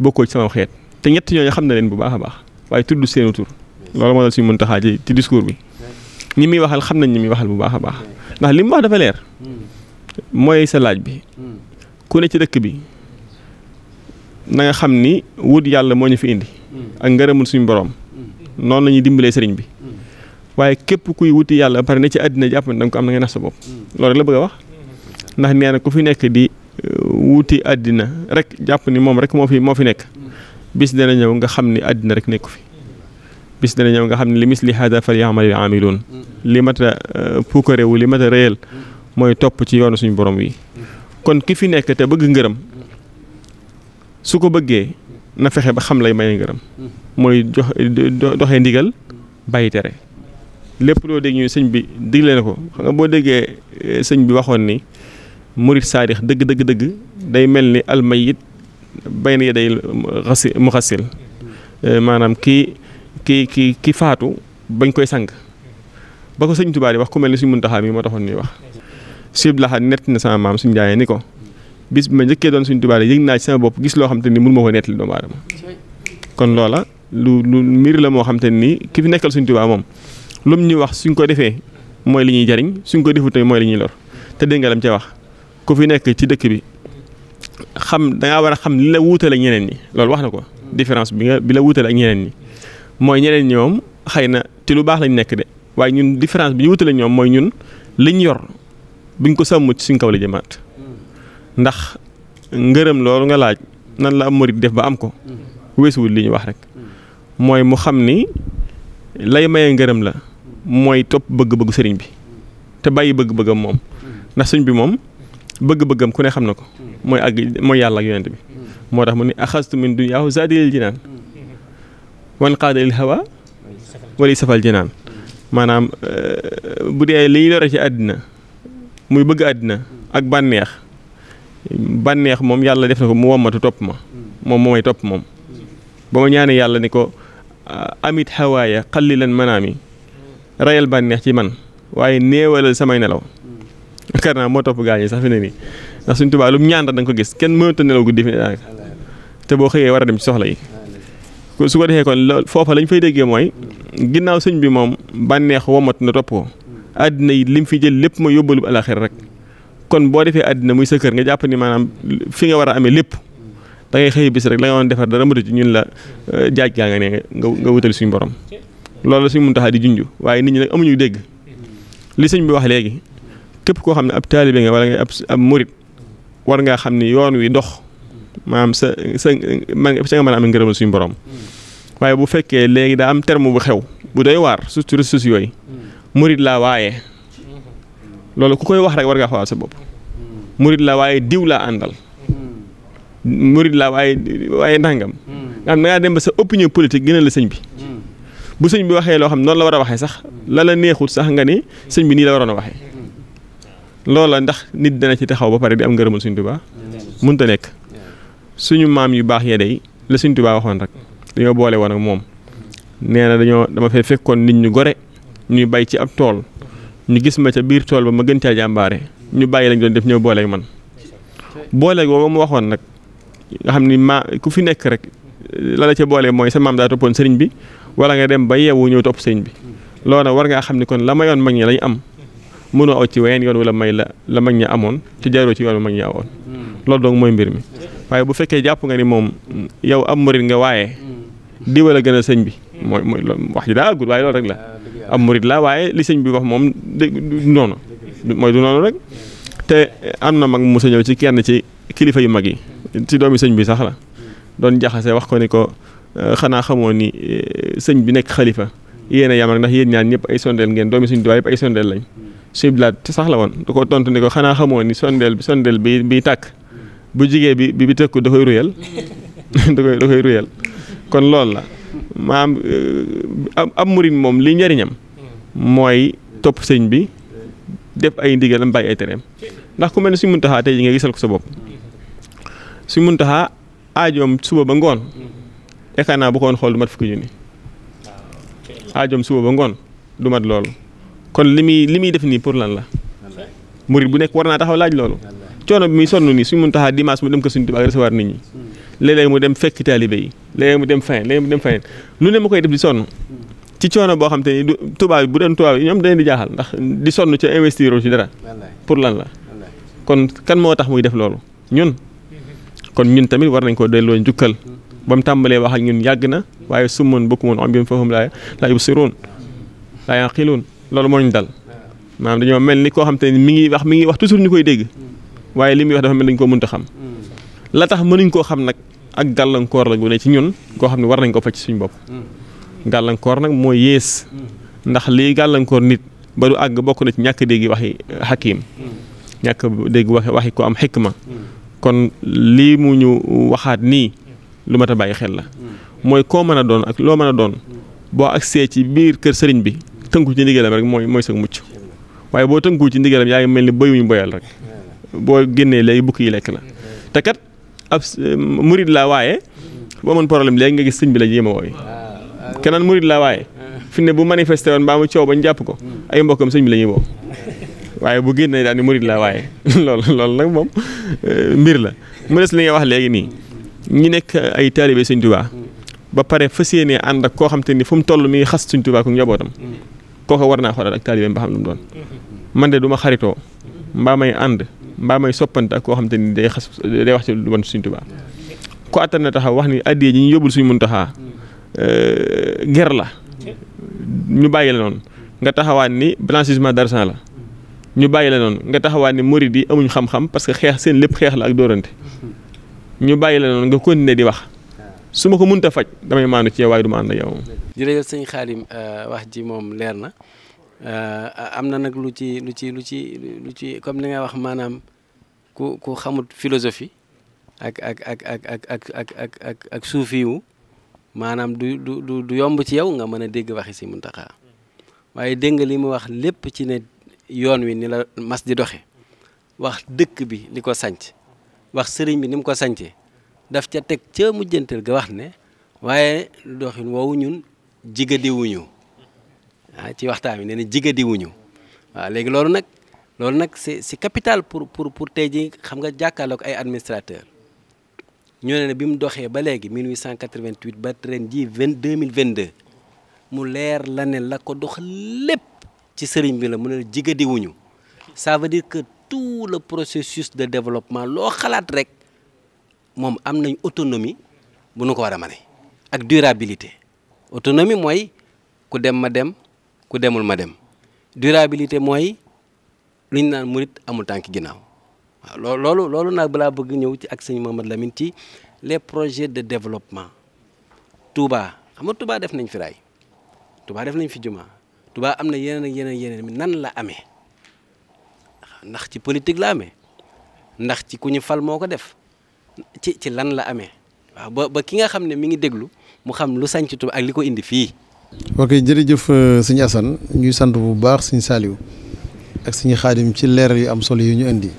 [SPEAKER 1] bokkoo ci sama xeet te ñett ñooñu xam na leen bu baax a baax waaye tudd seenu tur loolu moo dal suñu Muntaxa ci ci discours bi ñi muy waxal xam nañ ñi muy waxal bu baax a baax ndax li mu wax dafa leer hmm. mooy sa laaj bi hmm. ku ci dëkk bi na nga xam ni wut yàlla moo ñu fi indi. ak ngërëmul suñu borom. noonu la ñuy dimbalee sëriñ bi. waaye képp kuy wuti yàlla pare ne ci àddina jàpp ne da ko am na nga nax sa bopp. loolu la bëgg a wax ndax nee na ku fi nekk di uh, wuti àddina rek jàpp ni moom rek moo fi moo fi nekk. bis dana ñëw nga xam ni àddina rek nekku fi. bis dana ñëw nga xam ne li misli hada fal yaamal aamiluun li mat a uh, puukarewu li mat a réyal mooy topp ci yoonu suñu borom wi. kon ki fi nekk bëgg ngërëm. su ko bëggee na fexe ba xam lay may ngërëm mooy jox doxee ndigal bàyyi tere lépp loo dégg ñu sëñ bi digle na ko xam nga boo déggee eh, sëñ bi waxoon ni murit saadix dëgg dëgg dëgg day mel ni almayit bay na day xasi mu xasil eh, maanaam kii kii kii kii faatu bañ koy sang ba ko sëñ Tuubaa di wax ku mel ni suñ Muntaxaa mi moo taxoon ni wax. Sibla nett na sama maam suñ jaayee ni ko. bis bi ma njëkkee doon suñ tubaab yëg naa ci sama bopp gis loo xam te ni mun ma ko nettali doomu aadama kon loola lu lu mbir la moo xam te ni ki fi nekkal suñ tubaab moom lu mu ñu wax suñ ko defee mooy li ñuy jariñ suñ ko defu tamit mooy li ñuy lor te dégg nga lam ca wax ku fi nekk ci dëkk bi xam danga war a xam li la wuutale ak ñeneen ñi loolu wax na ko différence bi nga bi la wuutale ak ñeneen ñi mooy ñeneen ñi moom xëy na ci lu baax lañ nekk de waaye ñun différence bi ñu wutale ñoom mooy ñun liñ yor buñ ko sàmm ci suñ kaw la jëmaat ndax ngërëm loolu nga laaj nan la am murit def ba am ko weesuwul li ñu wax rek mooy mu xam ni lay maye ngërëm la mooy topp bëgg-bëggu sëriñ bi te bàyyi bëgg-bëggam moom ndax suñ bi moom bëgg-bëggam ku ne xam na ko mooy àgg mooy yàlla ak yonent bi moo tax mu ni axastu du yaaw zaadilil jinaan wan qaadalil hawa wali safal jinaan maanaam euh, bu dee lii lore ci àddina muy bëgg àddina ak bànneex bànneex moom yàlla def na ko mu wommatu topp ma moom moomay topp moom ba ma ñaane yàlla ni ko ah, amit xawaaya manaam manaami rayal bànneex ci man waaye néewalal samay nelaw kar naa moo topp gaa ñi sax fi ne nii ndax suñ tubaa lu ñaan da nga ko gis kenn mënut a nelaw guddi fi ne daanaka te boo xëyee war a dem ci soxla yi su ko defee kon loolu foofa lañ fay déggee mooy ginnaaw sëñ bi moom bànneex womat na topp ko àddina yi lim fi jël lépp ma yóbbalu alaxir rek kon boo defee àddina muy sa kër nga jàpp ni maanaam fi nga war a amee lépp da ngay xëy bis rek la nga woon defar dara mënatu ci ñun la euh, jaaj gaa nga ne nga nga wutali suñu borom loolu la suñu muntaxaa di junj waaye nit ñi nag amuñu dégg li sëñ bi wax léegi képp koo xam ne ab taalibe nga war nga ab ab murit war ngaa xam ni yoon wi dox maanaam sa sa sa nga mën a am ngërëmal suñu borom waaye bu fekkee léegi daa am terme bu xew bu doy waar su su sociaux yi murit laa waaye. loolu ku koy wax rek war ngaa xoolaat sa bopp murit la waaye diw laa àndal murit la waaye waaye nangam nga xam da ngaa dem ba sa opinion politique gënal la sëñ bi bu sëñ bi waxee loo xam noonu la war a waxee sax la la neexut sax nga ni sëñ bi nii la waroon a waxee loola ndax nit dana ci taxaw ba pare bi am ngërëmal sëñ Tuubaa mënta nekk suñu maam yu baax yee day la sëñ Tuubaa waxoon rek dañoo boole woon ak moom nee na dañoo dama fay fekkoon nit ñu gore ñuy bay ci ab tool ñu gis ma ca biir tool ba ma gën caa jàmbaare ñu bàyyi lañ doon def ñëw booleeg man booleeg boobu mu waxoon nag nga xam ni ma ku fi nekk rek la la ca boolee mooy sa maam daa toppoon sëriñ bi wala nga dem ba yeewu ñëw topp sëriñ bi loolu nag war ngaa xam ni kon la mayoon mag ñi lañ am mënoo aw ci weneen yoon wala may la la mag ñi amoon te jaaroo ci yoon mag ñi awoon loolu donc mooy mbir mi waaye bu fekkee jàpp nga ni moom yow am murit nga waaye di wala gën sëñ bi mooy mooy wax ji daa àggul la am murit la waaye li sëñ bi wax moom dé noonu mooy du noonu rek te am na mag mu a ci kenn ci kilifa yu mag yi ci doomi sëñ bi sax la doon jaxase wax ko ni ko euh, xanaa xamoo ni euh, sëñ bi nekk xalifa yéen a yam yéen ñaan ñëpp ay sondeel ngeen doomi suñu diwaan yëpp ay sondeel lañ bi laat sax la woon du ko tontu ni ko xanaa xamoo ni sondeel bi bi bi tàkk bu jigéen bi bi tëkku [LAUGHS] da koy ruyal da koy da kon loolu la maam euh, ab murit moom li njëriñam mooy topp sëñ bi def ay ndigalam bàyyi ay tereem ndax ku mel ne suñ muntaxaa tey ji nga gisal ko sa bopp suñ muntaxaa aajoom suba ba ngoon yaakaar naa bu ko woon xool du mat fukki junni aajoom suba ba ngoon du mat loolu kon li muy li muy def nii pour lan la murit bu nekk war naa taxaw laaj loolu coono bi muy sonn nii suñ muntaxaa dimanche mu dem ko suñ tubaab recevoir nit ñi léeg mu dem fekki taalibe yi léeg-léeg mu dem fayen léeg-léeg dem fayen lu ne mu koy def di sonn ci coono boo xam te ni tubaab bi bu doon tubaab yi ñoom dañu di jaaxal ndax di sonn ci investir ci dara pour lan la kon kan moo tax muy def loolu ñun kon ñun tamit war nañ koo delloo njukkal ba mu tàmbalee wax ak ñun yàgg na waaye summoon bokku moon am bi mu foofu laa laa yubsiruun laa yaqiluun loolu moo ñu dal maanaam dañoo mel ni koo xam te ni mi ngi wax mi ngi wax toujours ñu koy dégg hmm. waaye li muy wax dafa mel dañ ko mënta xam la tax mënuñ koo xam nag ak gàllankoor la gu ne ci ñun koo xam ne war nañ ko faj suñu bopp mm. gàllankoor nag mooy yées mm. ndax lii gàllankoor nit ba du àgg bokk na ci ñàkk dégg waxi xakiim mm. ñàkk dégg wax waxi ko am xikma kon lii mu ñu waxaat nii lu mat a bàyyi xel la mooy koo mën a doon ak loo mën a doon boo agsee ci biir kër sëriñ bi tënku ci ndigalam rek mooy mooy sa mucc waaye boo tënku ci ndigalam yaa ngi mel ni bëyuñu boyal rek boo génnee léegi bukki yi lekk la ab eh, murid laa waaye bu amoon problème léegi nga gis sëñ bi la jéem a wooy kenaan murid laa waaye fi ne bu manifesté woon mbaa mu coow bañ jàpp ko ay mbokkam sëñ bi la ñuy woo waaye bu génnee daal ni murid laa waaye loolu [LAUGHS] loolu nag moom eh, mbir la mu des li nga wax léegi nii ñi nekk ay taalibe sëñ Tuubaa ba pare fas yéenee ànd ak koo xam te ni fu mu toll mi ngi xas sëñ Tuubaa ku njabootam kooka war naa xoolal ak taalibeem ba xam doon man de du xaritoo mbaa may ànd mbaa may soppante ak koo xam te ni day xas day wax ci lu bon Sëriñ Tuubaa ku attan na taxaw wax ni addiya ji ñu yóbbul mun Muntaxaa euh, ger la ñu bàyyi la noonu nga taxawaat ni blanchissement d'argent la ñu bàyyi la noonu nga taxawaat ni murid yi amuñ xam-xam parce que xeex seen lépp xeex la ak dóorante ñu bàyyi la noonu nga continuer di wax su ma ko mënta faj damay maanu ci waaye du ma ànd ak yow.
[SPEAKER 4] jërëjëf sëñ euh, wax ji moom leer na. Euh, am na nag lu ci lu ci lu ci lu ci comme li nga wax maanaam ku ku xamut philosophie ak ak ak ak ak ak ak ak ak ak suufiyu maanaam du du du du yomb ci yow nga mën a dégg waxi si Muntaxa waaye dégg nga li mu wax lépp ci ne yoon wi ni la mas di doxe wax dëkk bi li ko sanc wax sëriñ bi ni mu ko sancee daf ca teg ca mujjantal ga wax ne waaye doxin woowu ñun jigadiwuñu ah ci waxtaan wi nee na jigadiwuñu waaw léegi loolu nag loolu nag c'est c'est capital pour pour pour tey jii xam nga jàkkaarloog ay administrateurs ñoo ne ne bi mu doxee ba léegi 1888 ba ren jii 2022 mu leer la ne la ko dox lépp ci sëriñ bi la mu ne la jigadiwuñu ça veut dire que tout le processus de développement loo xalaat rek moom am nañ autonomie bu nu ko war a mane ak durabilité autonomie mooy ku dem ma dem. ku demul ma dem durabilité mooy lu ñu naan murit amul tànk ginnaaw waaw loolu loolu nag balaa bëgg ñëw ci ak sëñ Mamadou Lamine ci les projet de développement Touba xam nga Touba def nañ fi tubaa def nañ fi juma tubaa am na yeneen yeneen yeneen yeneen nan la amee ndax ci politique la amee ndax ci ku ñu fal moo ko def ci ci lan la amee ba ki nga xam ne mi ngi déglu mu xam lu sañ ci ak li ko indi fii.
[SPEAKER 6] ok jërëjëf euh, sëñ Assane ñuy sant bu baax sëñ Saliou ak sëñ Xaadim ci leeral yu am solo yu ñu indi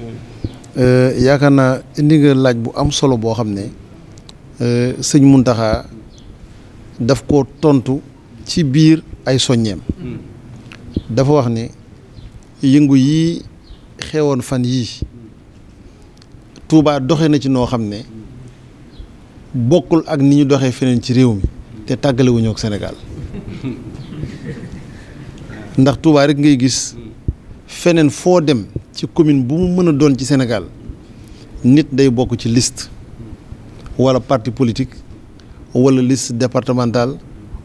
[SPEAKER 6] euh, yaakaar naa indi nga laaj bu am solo boo xam ne euh, sëñ Muntaxa daf ko tontu ci biir ay soññeem dafa wax ne yëngu yi xewoon fan yii Touba doxe na ci noo xam ne bokkul ak ni ñu doxee feneen ci réew mi te tàggalewuñu ak Sénégal ndax Touba rek ngay gis feneen foo dem ci commune bu mu mën a doon ci Sénégal nit day bokk ci list wala parti politique wala liste départementale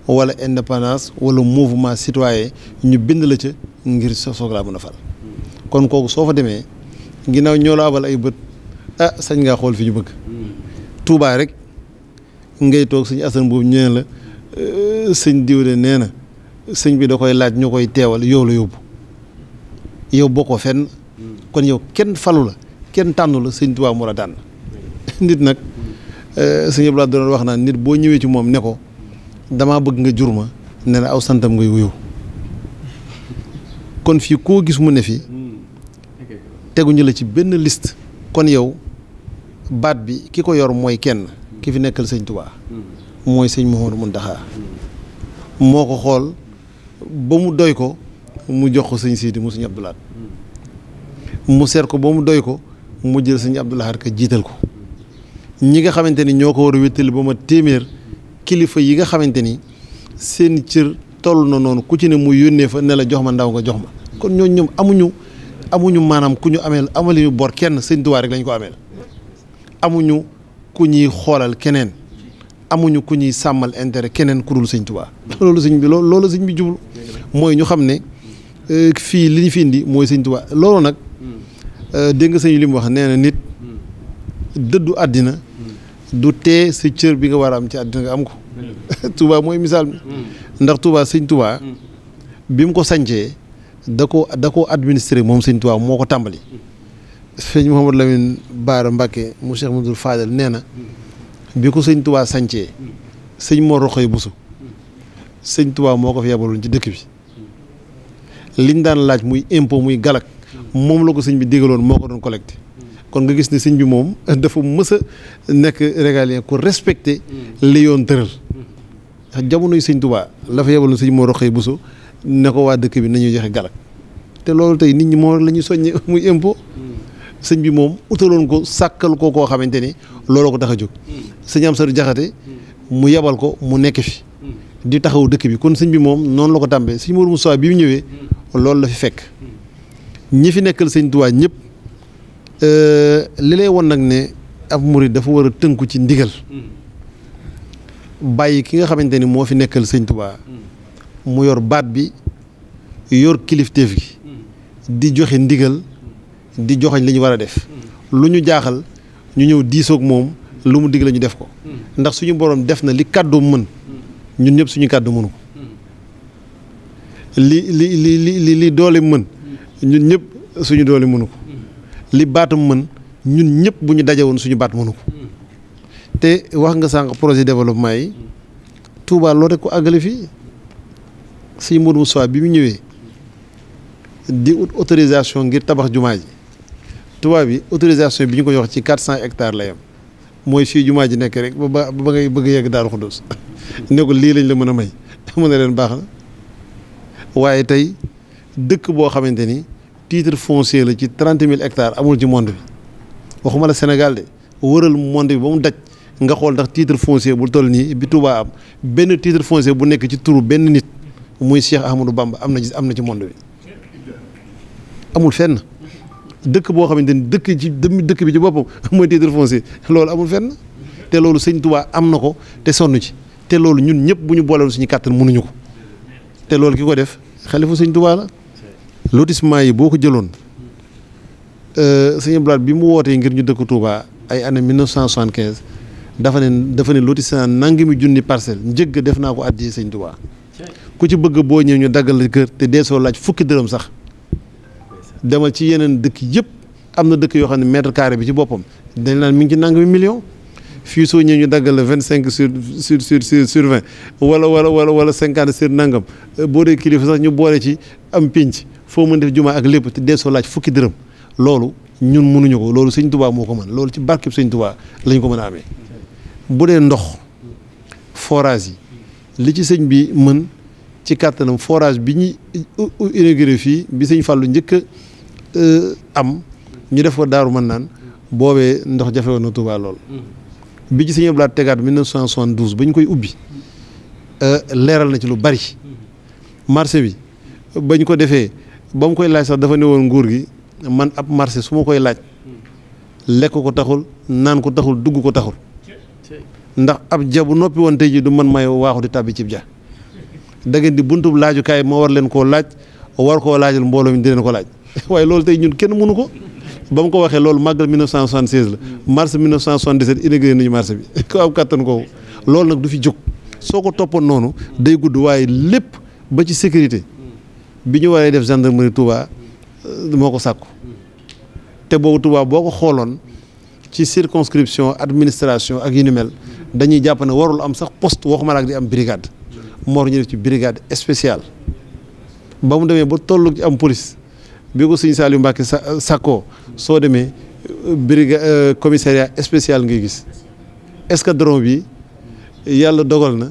[SPEAKER 6] wala indépendance wala mouvement citoyen ñu bind la ca ngir soog laa mën a fal. kon kooku soo fa demee ginnaaw ñoo la abal ay bët ah sañ ngaa xool fi ñu bëgg. Touba rek ngay toog suñu asan boobu ñëwee la euh, sëñ diw de nee na. sëñ bi da koy laaj ñu koy teewal yow la yóbbu yow boo ko fenn kon yow kenn falu la kenn tànnu la sëñ Tuubaa mu la tànn [LAUGHS] nit nag eh, sëñ Abdoulaye doon wax naa nit boo ñëwee ci moom ne ko dama bëgg nga jur ma ne na aw santam ngay wuyu kon fii koo gis mu ne fi teguñu la ci benn list kon yow baat bi ki ko yor mooy kenn ki fi nekkal sëñ Tuubaa mooy sëñ Mouhamadou Mountakha moo ko xool ba mu doy ko mu jox ko sëñ Sidi mu sëñ Abdou mu seet ko ba mu doy ko mu jël sëñ Abdou ka jiital ko ñi nga xamante ni ñoo ko war a wéttali ba ma téeméer kilifa yi nga xamante ni seen cër toll na noonu ku ci ne mu yónnee fa ne la jox ma ndaw nga jox ma kon ñooñu ñoom amuñu amuñu maanaam ku ñu ameel amali ñu bor kenn sëñ Tuubaa rek lañ ko ameel amuñu ku ñuy xoolal keneen amuñu ku ñuy sàmmal intérêt keneen ku dul sëñ Tuubaa loolu sëñ bi loolu loolu sëñ bi jublu mooy ñu xam ne euh, fii li ñu fi indi mooy sëñ Tuubaa loolu nag euh, dégg nga sëñ li mu wax nee na nit dëddu àddina du tee sa cër bi nga war a am ci àddina nga am ko [LAUGHS] Tuubaa mooy misaal mi ndax Tuubaa sëñ Tuubaa bi mu ko sancee da koo da koo moom sëñ Tuubaa moo ko tàmbali sëñ Mouhamadou Lamine Baara Mbacke mu Cheikh Mamadou Fadal nee na bi ko sëñ tubaa sancee sëñ moo roxoy busu sëñ tubaa moo ko fi yebaloon ci dëkk bi liñ daan laaj muy impôt muy galak moom la ko sëñ bi digaloon moo ko doon collecté kon nga gis ne sëñ bi moom [LAUGHS] dafa mës a nekk régalien ku respecté li yoon tëral ndax jamonoy sëñ tubaa la fa yebaloon sëñ moo roxoy busu ne ko waa dëkk bi nañuy joxe galak te loolu tey nit ñi moo la ñuy soññe [LAUGHS] muy impôt sëñ bi moom utaloon ko sàkkal ko koo xamante ni looloo ko tax a jóg sa Amsatu Jaxate mu yebal ko mu nekk fi di taxaw dëkk bi kon sëñ bi moom noonu la ko tàmbee sëñ Mourou Moussa bi mu ñëwee loolu la fi fekk ñi fi nekkal sëñ Tuubaa ñëpp euh, li lay won nag ne ab murid dafa war a tënku ci ndigal bàyyi ki nga xamante ni moo fi nekkal sëñ Tuubaa mu yor baat bi yor kilifteef gi di joxe ndigal di joxañ li ñu war a def lu ñu jaaxal ñu ñëw diisoog moom lu mu digg la ñu def ko ndax suñu borom def na li kàddu mën ñun ñëpp suñu kàddu mënu ko li li li li mën ñun ñëpp suñu doole mënu ko li mën ñun ñëpp bu ñu daje woon suñu baat mënu ko te wax nga sànq projet développement yi Touba loolu rek ko àggale fii suñu Modou Moussa bi mu ñëwee di ut autorisation ngir tabax jumaa ji tubaab bi autorisation bi ñu ko jox ci quatre cent ectare la yem mooy fii jumaa ji nekk rek ba ba ba ngay bëgg yegg Daaru Xuddoos [LAUGHS] ne ko lii lañ la mën a may [LAUGHS] mu a leen baax na waaye tey dëkk boo xamante ni tiitre foncier la ci trente mille hectares amul ci monde bi waxuma la Sénégal de wëral monde bi ba mu daj nga xool ndax tiitre foncier bu toll nii bi tubaa am benn titre foncier bu nekk ci turu benn nit muy Cheikh Ahmadou Bamba am na ci am na ci monde bi amul fenn. dëkk boo xamante ni dëkk ci dëkk bi ci boppam [LAUGHS] mooy titre foncier loolu amul fenn te loolu sëñ Tuubaa am na ko te sonn ci te loolu ñun ñëpp bu ñu boolewul suñu kàttan mënuñu ko te loolu ki ko def xalifu sëñ Tuubaa la lotissement yi boo ko jëloon euh, sëñ Abdoulaye bi mu wootee ngir ñu dëkk Touba ay année 1975 dafa ne dafa ne lotissement mi junni parcelle njëg def naa ko addi sëñ Touba ku ci bëgg boo ñëw ñu daggal la kër te dee soo laaj fukki dërëm sax demal ci yeneen dëkk yëpp am na dëkk yoo xam ne mètre carré bi ci boppam dañ naan mi ngi ci nangami million fii soo ñëwee ñu daggal vingt cinq sur sur sur sur vingt wala wala wala wala cinquante sur nangam euh, boo dee kilifa sax ñu boole ci am pinc foo mën def jumaa ak lépp te dee soo laaj fukki dërëm loolu ñun mënuñu loolu sëñ moo ko mën loolu ci barkeb sëñ Tuubaa lañ ko mën a amee bu dee ndox forage yi li ci sëñ bi mën ci kàttanam forage bi ñuy inauguré fii bi sëñ Fàllu njëkk Euh, am ñu def ko daaru man naan boobee ndox jafe woon na Touba lool. bi ci Sëñ Abdou Lahad tegaat 1972 ba ñu koy ubbi euh, leeral na ci lu bari marché bi ba ñu ko defee ba mu koy laaj sax dafa ne woon nguur gi man ab marché su ma koy laaj lekk ko taxul naan ko taxul dugg ko taxul ndax ab ja bu noppi woon tey jii du man may waaxu di tàbbi cib ja da ngeen di buntub laajukaay ma war leen koo laaj war koo laajal mbooloo mi di leen ko laaj. [LAUGHS] waaye loolu tey ñun kenn mënu ko ba mu ko waxee loolu màggal 1976 la mars 1977 inauguré nañu marché bi [LAUGHS] ko am kàttan kooku loolu nag du fi jóg soo ko toppoon noonu day gudd waaye lépp ba ci sécurité bi ñu waree def gendarmerie Touba euh, moo ko sàkku te boobu Touba boo ko xooloon ci circonscription administration ak yu ni mel dañuy jàpp ne warul am sax post waxuma la di am brigade moor ñu def ci brigade spéciale ba mu demee ba tollu ci am police bi ko sëñ Saliou Mbacke sàkkoo soo demee brigade euh, commissariat spécial ngay gis escadron bi yàlla dogal na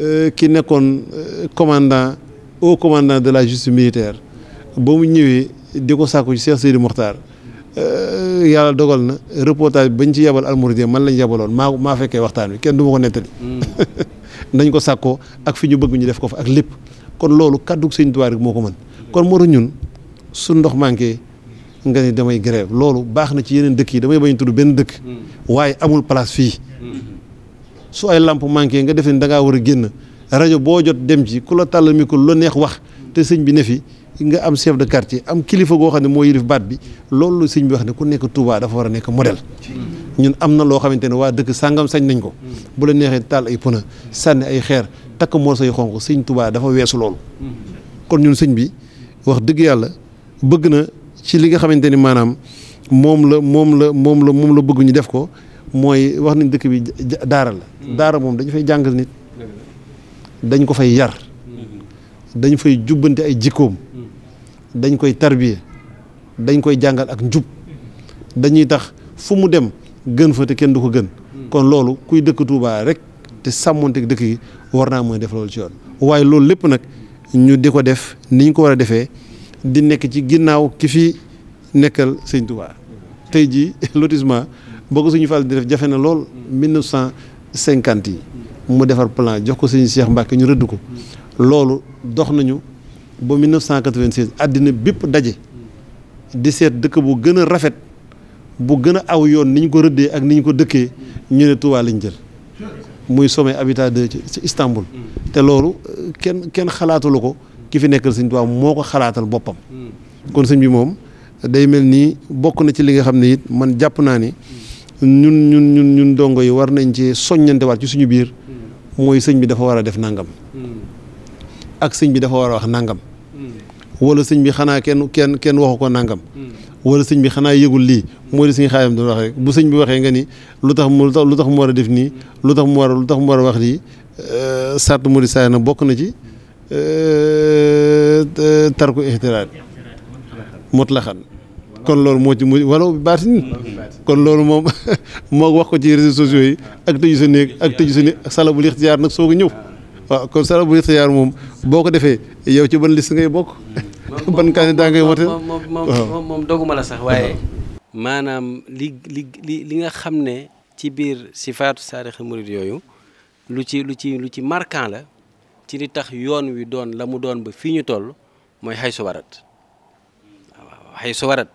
[SPEAKER 6] euh, ki nekkoon euh, commandant au commandant de la justice militaire ba mu ñëwee di ko sàkku ci Cheikh Seydou Mokhtar yàlla dogal na reportage bañ ci yabal almouride man lañ yabaloon maa maa fekkee waxtaan bi kenn du ma ko nettali mm. [LAUGHS] nañ ko sàkkoo ak fi ñu bëgg ñu def ko fa ak lépp kon loolu kàddu sëñ Tuubaa moo ko mën kon moo ñun su ndox manqué nga ni damay grève loolu baax na ci yeneen dëkk yi damay bañ tudd benn dëkk hmm. waaye amul place fii hmm. su ay lamp manqué nga def ni da ngaa war a génn rajo boo jot dem ci ku la tàll micro lu neex wax te sëñ bi ne fi nga am chef de quartier am kilifa goo xam ne moo yilif baat bi loolu sëñ bi wax ne ku nekk Touba dafa war a nekk model
[SPEAKER 7] hmm.
[SPEAKER 6] ñun am na loo xamante ne waa dëkk sàngam sañ nañ ko bu la neexee tàll ay pneu sànni ay xeer takk morso yu xonq sëñ Touba dafa weesu loolu kon yàlla bëgg na ci li nga xamante ni maanaam moom la moom la moom la moom la bëgg ñu def ko mooy wax nañ dëkk bi daara la. Mm-hmm. daara moom dañ fay jàngal nit.
[SPEAKER 7] Mm-hmm.
[SPEAKER 6] dañ ko fay yar.
[SPEAKER 7] Mm-hmm.
[SPEAKER 6] dañ fay jubbante ay jikkoom. dañ koy tarbiye dañ koy jàngal ak njub dañuy tax fu mu dem gën fa te kenn du ko gën. kon loolu kuy dëkk Touba rek te sàmmonteeg dëkk yi war naa mooy def loolu ci yoon. waaye loolu lépp nag ñu di ko def ni ñu ko war a defee. di nekk ci ginnaaw ki fi nekkal sëñ Touba tey jii [LAUGHS] lotissement boo ko suñu Fall di def jafe na lool 1950 yi mu defar plan jox ko sëñ Cheikh Mbacke ñu rëdd ko loolu dox nañu ba 1996 àddina bépp daje di seet dëkk bu gën a rafet bu gën a aw yoon ni ñu ko rëddee ak ni ñu ko dëkkee ñu ne Touba lañ jël muy some Habitat 2 ci Istanbul mm. te loolu eh, kenn kenn xalaatulu ko ki fi nekkal sëñ Tuubaa moo ko xalaatal boppam hmm. kon sëñ bi moom day mel nii bokk na ci li nga xam ne it man jàpp naa ni ñun ñun ñun ñun dongo yi war nañ ci soññante waat ci suñu biir hmm. mooy sëñ bi dafa war a def nangam hmm. ak sëñ bi dafa war a wax nangam wala sëñ bi xanaa kenn kenn kenn waxu ko nangam wala sëñ bi xanaa yëgul lii mooy li suñu xaayam doon wax bu sëñ bi waxee nga ni lu tax mu lu tax mu war a def nii lu tax mu war a lu wax lii euh, sart mu di saay na bokk na ci tarku ixtiraat mutlaxan kon loolu moo ci mu walaw bi baatin kon loolu moom [LAUGHS] moo wax ko ci réseaux sociaux yi ak tëju sa néeg ak tëju sa néeg nag soo ko ñëw waaw kon salabul ixtiyaar moom boo ko defee yow ci ban liste ngay bokk [LAUGHS] ban candidat ngay wote moom
[SPEAKER 4] moom doguma la sax waaye maanaam li li li li nga xam ne ci biir sifaatu saarixi murid yooyu lu ci lu ci lu ci marquant la ci li tax yoon wi doon la mu doon ba fii ñu toll mooy xay su warat waaw xay su warat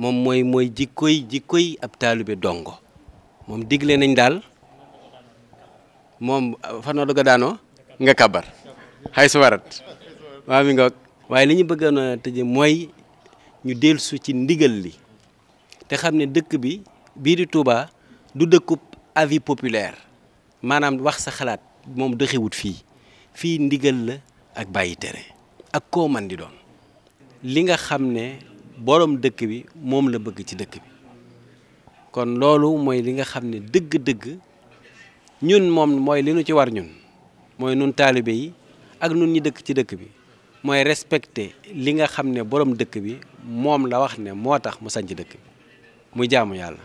[SPEAKER 4] moom mooy mooy jikkoy jikkoy ab taalibe dongo moom digle nañ daal moom uh, fanoo doga daanoo nga kabar xay su warat waa mi nga waaye li ñu bëggoon a mooy ñu delsu ci ndigal li te xam ne dëkk bi bii di Touba du dëkkub avis populaire maanaam wax sa xalaat moom doxiwut fii fii ndigal la ak bàyyi tere ak koo man di doon li nga xam ne boroom dëkk bi moom la bëgg ci dëkk bi kon loolu mooy li nga xam ne dëgg-dëgg ñun moom mooy li nu ci war ñun mooy nun taalibe yi ak nun ñi dëkk ci dëkk bi mooy respecté li nga xam ne borom dëkk bi moom la wax ne moo tax mu sanc dëkk bi muy jaamu yàlla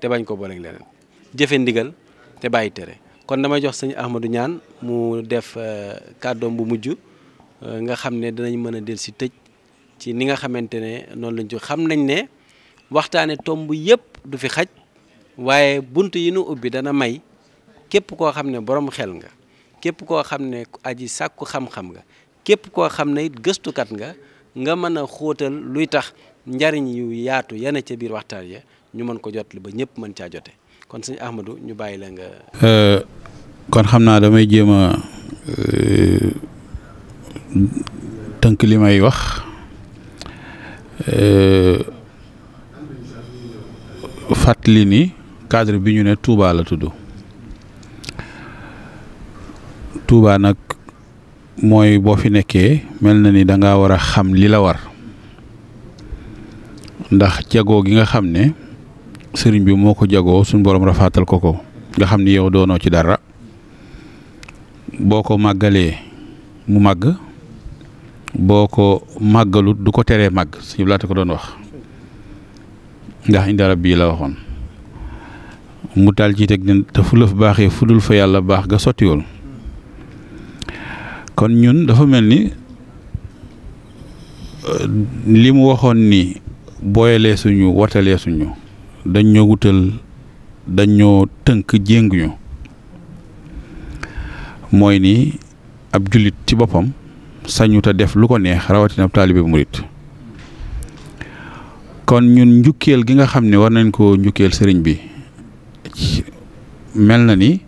[SPEAKER 4] te bañ ko booleeg leneen jëfe ndigal te bàyyi tere kon damay jox sëñ Ahmadou ñaan mu def euh, kàddoom bu mujj euh, nga xam ne danañ mën a del si tëj ci ni nga xamante ne noonu lañ ci xam nañ ne waxtaane tomb yëpp du fi xaj waaye bunt yi nu ubbi dana may képp koo xam ne borom xel nga képp koo xam ne aji sàkku xam-xam nga képp koo xam ne it gëstukat nga nga mën a xóotal luy tax njariñ yu yaatu yana ca biir waxtaan ya ñu mën ko jot li ba ñëpp mën caa jote kon sëñ Ahmadou ñu bàyyi la nga
[SPEAKER 2] euh, kon xam naa damay jéem a euh, tënk li may wax euh, fàttali ni cadre bi ñu ne Touba la tudd Touba nag mooy boo fi nekkee mel na ni danga nga war a xam li la war ndax jagoo gi nga xam ne sëriñ bi moo ko jagoo suñ borom rafaatal ko ko nga xam ni yow doonoo ci dara. boo ko màggalee mu màgg boo ko màggalut du ko teree màgg suñu laata ko doon wax ndax indi arab bii la waxoon mu taal ci teg ne te fu lëf baaxee fu dul fa yàlla baax ga sottiwul kon ñun dafa mel ni euh, li mu waxoon ni booyalee suñu watalee suñu dañ ñoo wutal dañ ñoo tënk jénguñu mooy ni ab jullit ci boppam sañu ta def lu ko neex rawatina ab taalibe murit kon ñun njukkeel gi nga xam ne war nañ koo njukkeel sëriñ bi mel na ni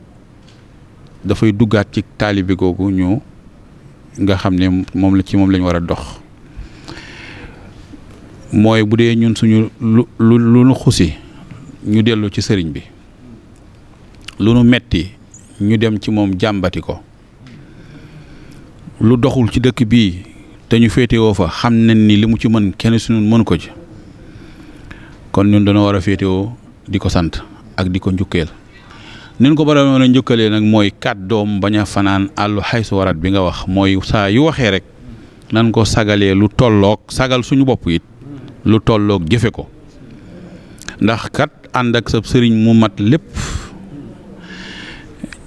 [SPEAKER 2] dafay duggaat ci taalibe googu ñu nga xam ne moom la ci moom lañ war a dox mooy bu dee ñun suñu lu lu lu nu xusi ñu dellu ci sëriñ bi lu nu metti ñu dem ci moom jàmbati ko lu doxul ci dëkk bii dañu ñu féetewoo fa xam nañ ni li mu ci mën kenn suñu mënu ko ci kon ñun dañoo war a féetewoo di ko sant ak di ko njukkeel nin ko bara mën a njukkalee nag mooy doom bañ a fanaan àllu xaysu warat bi nga wax mooy saa yu waxee rek nan ko sagalee lu tollook sagal suñu bopp yit lu tollook jëfe ko ndax kat ànd ak sa sëriñ mu mat lépp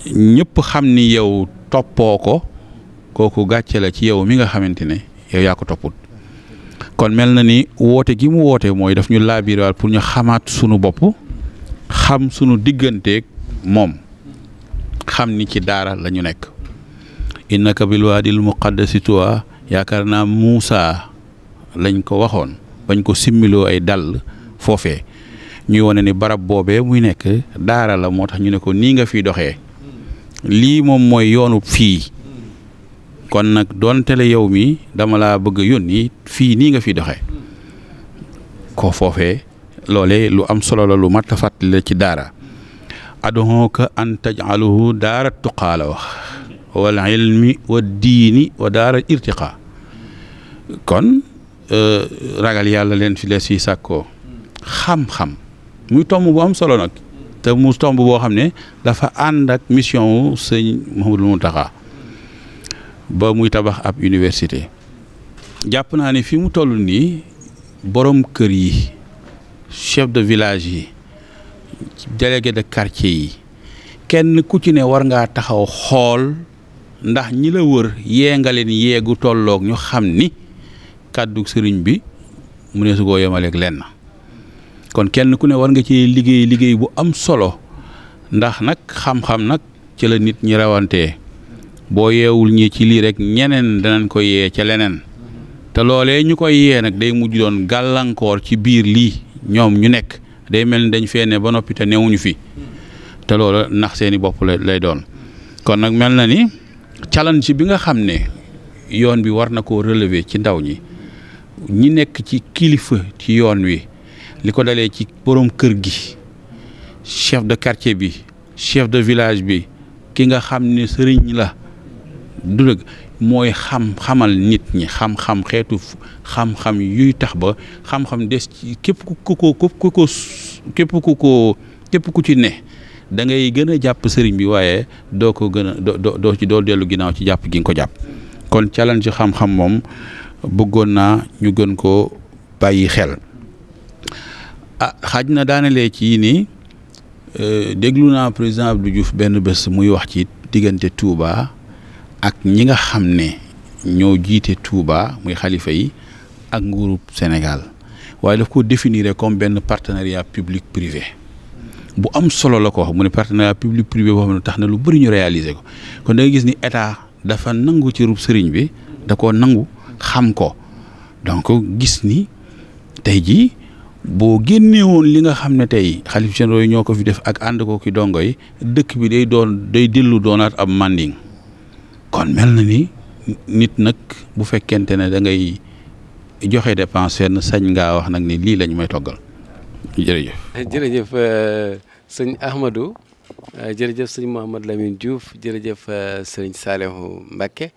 [SPEAKER 2] ñëpp xam ni yow toppoo ko kooku gàcce la ci yow mi nga xamante ne yow yaa ko topput kon mel na ni woote gi mu woote mooy daf ñu laabiiraal pour ñu xamaat sunu bopp xam sunu digganteeg moom xam ni ci daara la ñu nekk innaka bil waadil muqaddasi tuwa yaakaar naa Muusa lañ ko waxoon bañ ko simmiloo ay dàll foofe ñuy wane ni barab boobee muy nekk daara la moo tax ñu ne ko nii nga fiy doxee lii moom mooy yoonu fii kon nag doonte la yow mi dama laa bëgg a yónni fii nii nga fi doxe ko foofe loole lu am solo la lu mat a fàttali la ci daara aduhooka an tajaluhu daara tuqaa la wax walla ilmi wa diini wa daara irtiqaa kon euh, ragal yàlla leen fi lees yi sàkkoo xam-xam muy tomb bu am solo nag te mu tomb boo xam ne dafa ànd ak mission wu sëñ Mouhamadou Mountakha ba muy tabax ab université jàpp naa ni fi mu toll nii borom kër yi chef de village yi délégué de quartier yi kenn ku ci ne war ngaa taxaw xool ndax ñi la wër yee nga leen yeegu tollook ñu xam ni kàddu sëriñ bi mu ne su koo yemaleeg lenn kon kenn ku ne war nga ci liggéey liggéey bu am solo ndax nag xam-xam nag ci la nit ñi rawantee boo yeewul ñi ci lii rek ñeneen danañ ko yee ca leneen te loolee ñu koy yee nag day mujj doon gàllankoor ci biir lii ñoom ñu nekk day mel ni dañ fee ne ba noppite te newuñu fi te loolu nax seeni bopp lay doon kon nag mel na ni challenge bi nga xam ne yoon bi war na ko relever ci ndaw ñi ñi nekk ci kilifa ci yoon wi li ko dalee ci borom kër gi chef de quartier bi chef de village bi ki nga xam ne sëriñ la du dëgg mooy xam xamal nit ñi xam-xam xeetu xam-xam yuy tax ba xam-xam des ci képp ku ko képp ku ko képp ku ci ne da ngay gën a jàpp sëriñ bi waaye doo ko gën a doo ci doo dellu ginnaaw ci jàpp gi nga ko jàpp kon challenge xam-xam moom bëggoon naa ñu gën ko bàyyi xel ah xaaj na daanelee ci nii euh, déglu naa président Abdou Diouf benn bés muy wax ci diggante Touba ak ñi nga xam ne ñoo jiite Touba muy xalifa yi ak nguurub Sénégal waaye daf ko définir comme benn partenariat public privé bu am solo la ko mu ne partenariat public privé boo xam ne tax na lu bëri ñu réaliser ko kon da gis ni état dafa nangu ci rub sëriñ bi da ko nangu xam ko donc gis ni tey jii boo génnewoon li nga xam ne tey xalif généraux yi ñoo ko fi def ak ànd ko ki dongo dëkk bi day doon day dellu doonaat ab manding kon mel na ni nit nag bu fekkente ne da ngay joxe dépense fenn sañ ngaa wax nag ni lii lañ may toggal jërëjëf.
[SPEAKER 4] Eh, jërëjëf euh, sëñ Ahmadou euh, jërëjëf sëñ Mouhamad Lamine Diouf jërëjëf euh, sëñ Salihu Mbacke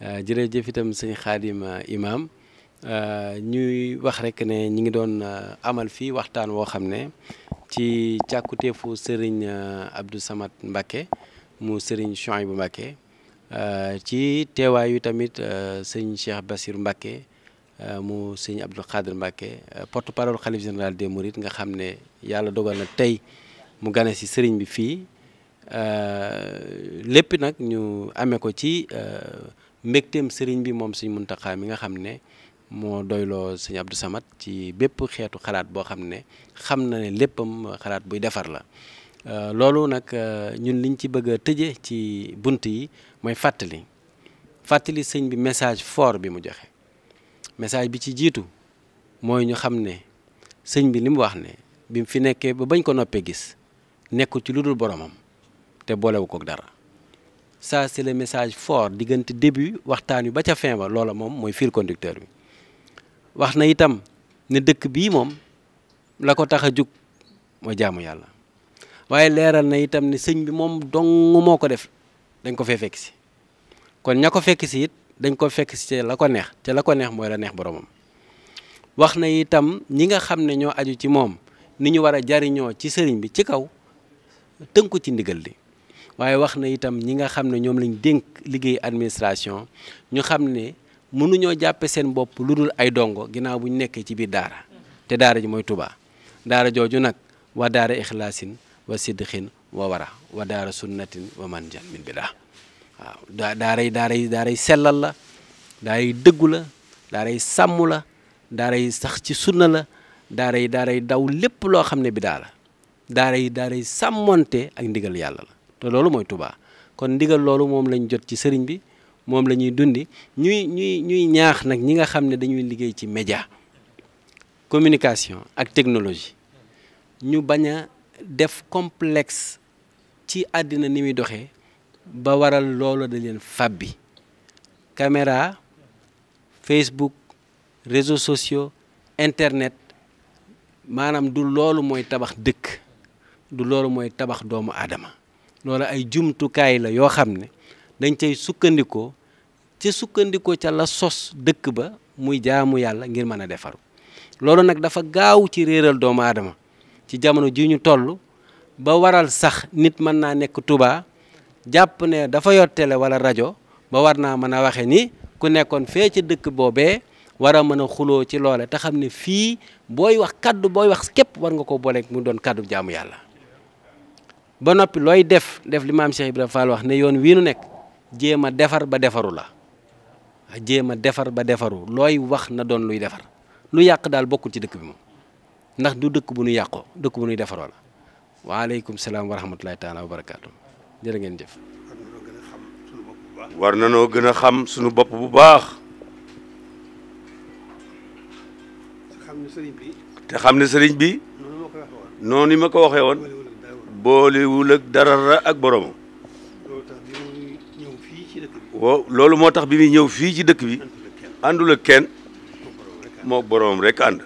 [SPEAKER 4] jërëjëf itam sëñ Xaadim Imaam. Euh, ñuy wax rek ne ñi ngi doon euh, amal fii waxtaan woo xam ne ci càkkutéefu Serigne euh, Abdou Samad Mbacké mu Serigne Chouaïbou Mbacké ci teewaayu tamit sëñ Cheikh Bassir Mbacké mu sëñ Abdou Khadr Mbacké porte-parole khalife général des Mourides nga xam ne yàlla dogal na tey mu gane si sëriñ bi fii lépp nag ñu amee ko ci mbégteem sëriñ bi moom sëñ Muntaxa mi nga xam ne moo doyloo sëñ Abdou Samad ci bépp xeetu xalaat boo xam ne xam na ne léppam xalaat buy defar la euh, loolu nag euh, ñun liñ ci bëgg a tëje ci bunt yi mooy fàttali fàttali sëñ bi message fort bi mu joxe message bi ci jiitu mooy ñu xam ne sëñ bi li mu wax ne bi mu fi nekkee ba bañ ko noppee gis nekkul ci lu dul boromam te boolewu ko dara saa c'est le message fort diggante début waxtaan wi ba ca fin ba loola moom mooy fil conducteur bi wax na itam ne dëkk bii moom la ko tax a jug moo jaamu yàlla waaye leeral na itam ne sëñ bi moom dong moo ko def dañ ko fee fekk si kon ña ko fekk si it dañ ko fekk si te la ko neex te la ko neex mooy la neex boroomam wax na itam ñi nga xam ne ñoo aju ci moom ni ñu war a jariñoo ci sëriñ bi ci kaw tënku ci ndigal li waaye wax na itam ñi nga xam ne ñoom lañ dénk liggéey administration ñu xam ne mënuñoo jàppe seen bopp lu dul ay dongo ginnaaw bu ñu nekkee ci biir daara te daara ji mooy tubaa daara jooju nag wa daara ixlaasin wa sidqin wa wara wa daara sunnatin wa manjan min bidaa waaw daa daaray sellal la daaray dëggu la daaray sàmm la yi sax ci sunna la daaray yi daw lépp loo xam ne bidaa la daaray daaray sàmmonte ak ndigal yàlla la te loolu mooy tubaa kon ndigal loolu moom lañ jot ci sëriñ bi moom la ñuy dundi ñuy ñuy ñuy ñaax nag ñi nga xam ne dañuy liggéey ci média communication ak technologie ñu bañ a def complex ci àddina ni muy doxee ba waral loolu dañ leen fàbbi caméra Facebook réseau sociaux internet maanaam du loolu mooy tabax dëkk du loolu mooy tabax doomu aadama loolu ay jumtukaay la yoo xam ne dañ cay sukkandikoo ci sukkandiku ca la sos dëkk ba muy jaamu yàlla ngir mën a defaru loolu nag dafa gaaw ci réeral doomu aadama ci jamono ji ñu toll ba waral sax nit mën naa nekk tubaa jàpp ne dafa yor télé wala rajo ba war naa mën a waxe ni ku nekkoon fee ci dëkk boobee war a mën a xuloo ci loole te xam ne fii booy wax kàddu booy wax képp war nga ko booleeg mu doon kàddu jaamu yàlla ba noppi looy def def li maam Cheikh Ibrahima Fall wax ne yoon wii nu nekk jéem a defar ba defaru la jéem a defar ba defaru looy wax na doon luy defar lu yàq daal bokkul ci dëkk bi moom ndax du dëkk bu nu yàqoo dëkk bu nuy defaroo la waaleykum salaam wa rahmatulahi taala wa barakaatu
[SPEAKER 3] jërë ngeen jëf. war na noo gën a xam suñu bopp bu baax.
[SPEAKER 6] te xam ne sëriñ bi. te xam
[SPEAKER 3] noonu ma ko waxee woon. boolewul ak dara ak boromam. wo loolu moo tax bi muy ñëw fii ci dëkk bi àndul kenn moo boroom rekk ànd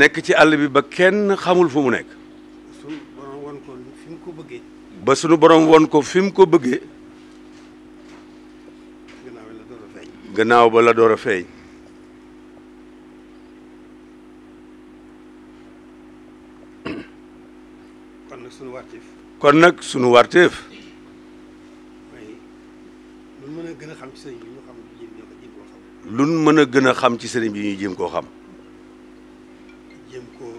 [SPEAKER 3] nekk ci àll bi ba kenn xamul fu mu nekk ba sunu borom won ko fi mu ko bëggee gannaaw ba la door a feeñ kon nag sunu warteef lun mën a gën a xam ci sëriñ ñu xam mën a gën a xam ci sëriñ bi ñuy koo xam jéem koo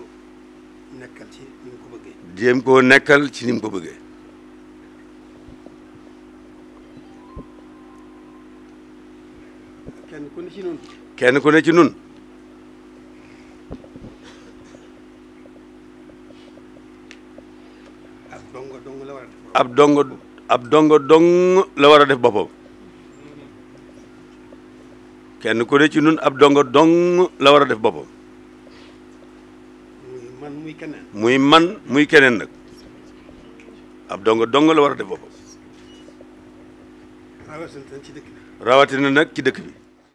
[SPEAKER 3] nekkal ci ni ko bëggee jéem koo nekkal ci nim ko bëggee kenn ku ne nun kenn ku ne ci nun ab dongo ab dongo dong la war a def boppam kenn ku de ci nun ab dongo dong la war a def boppam muy man muy keneen nag ab dongo dong la war a def boppam rawatina nag ci dëkk bi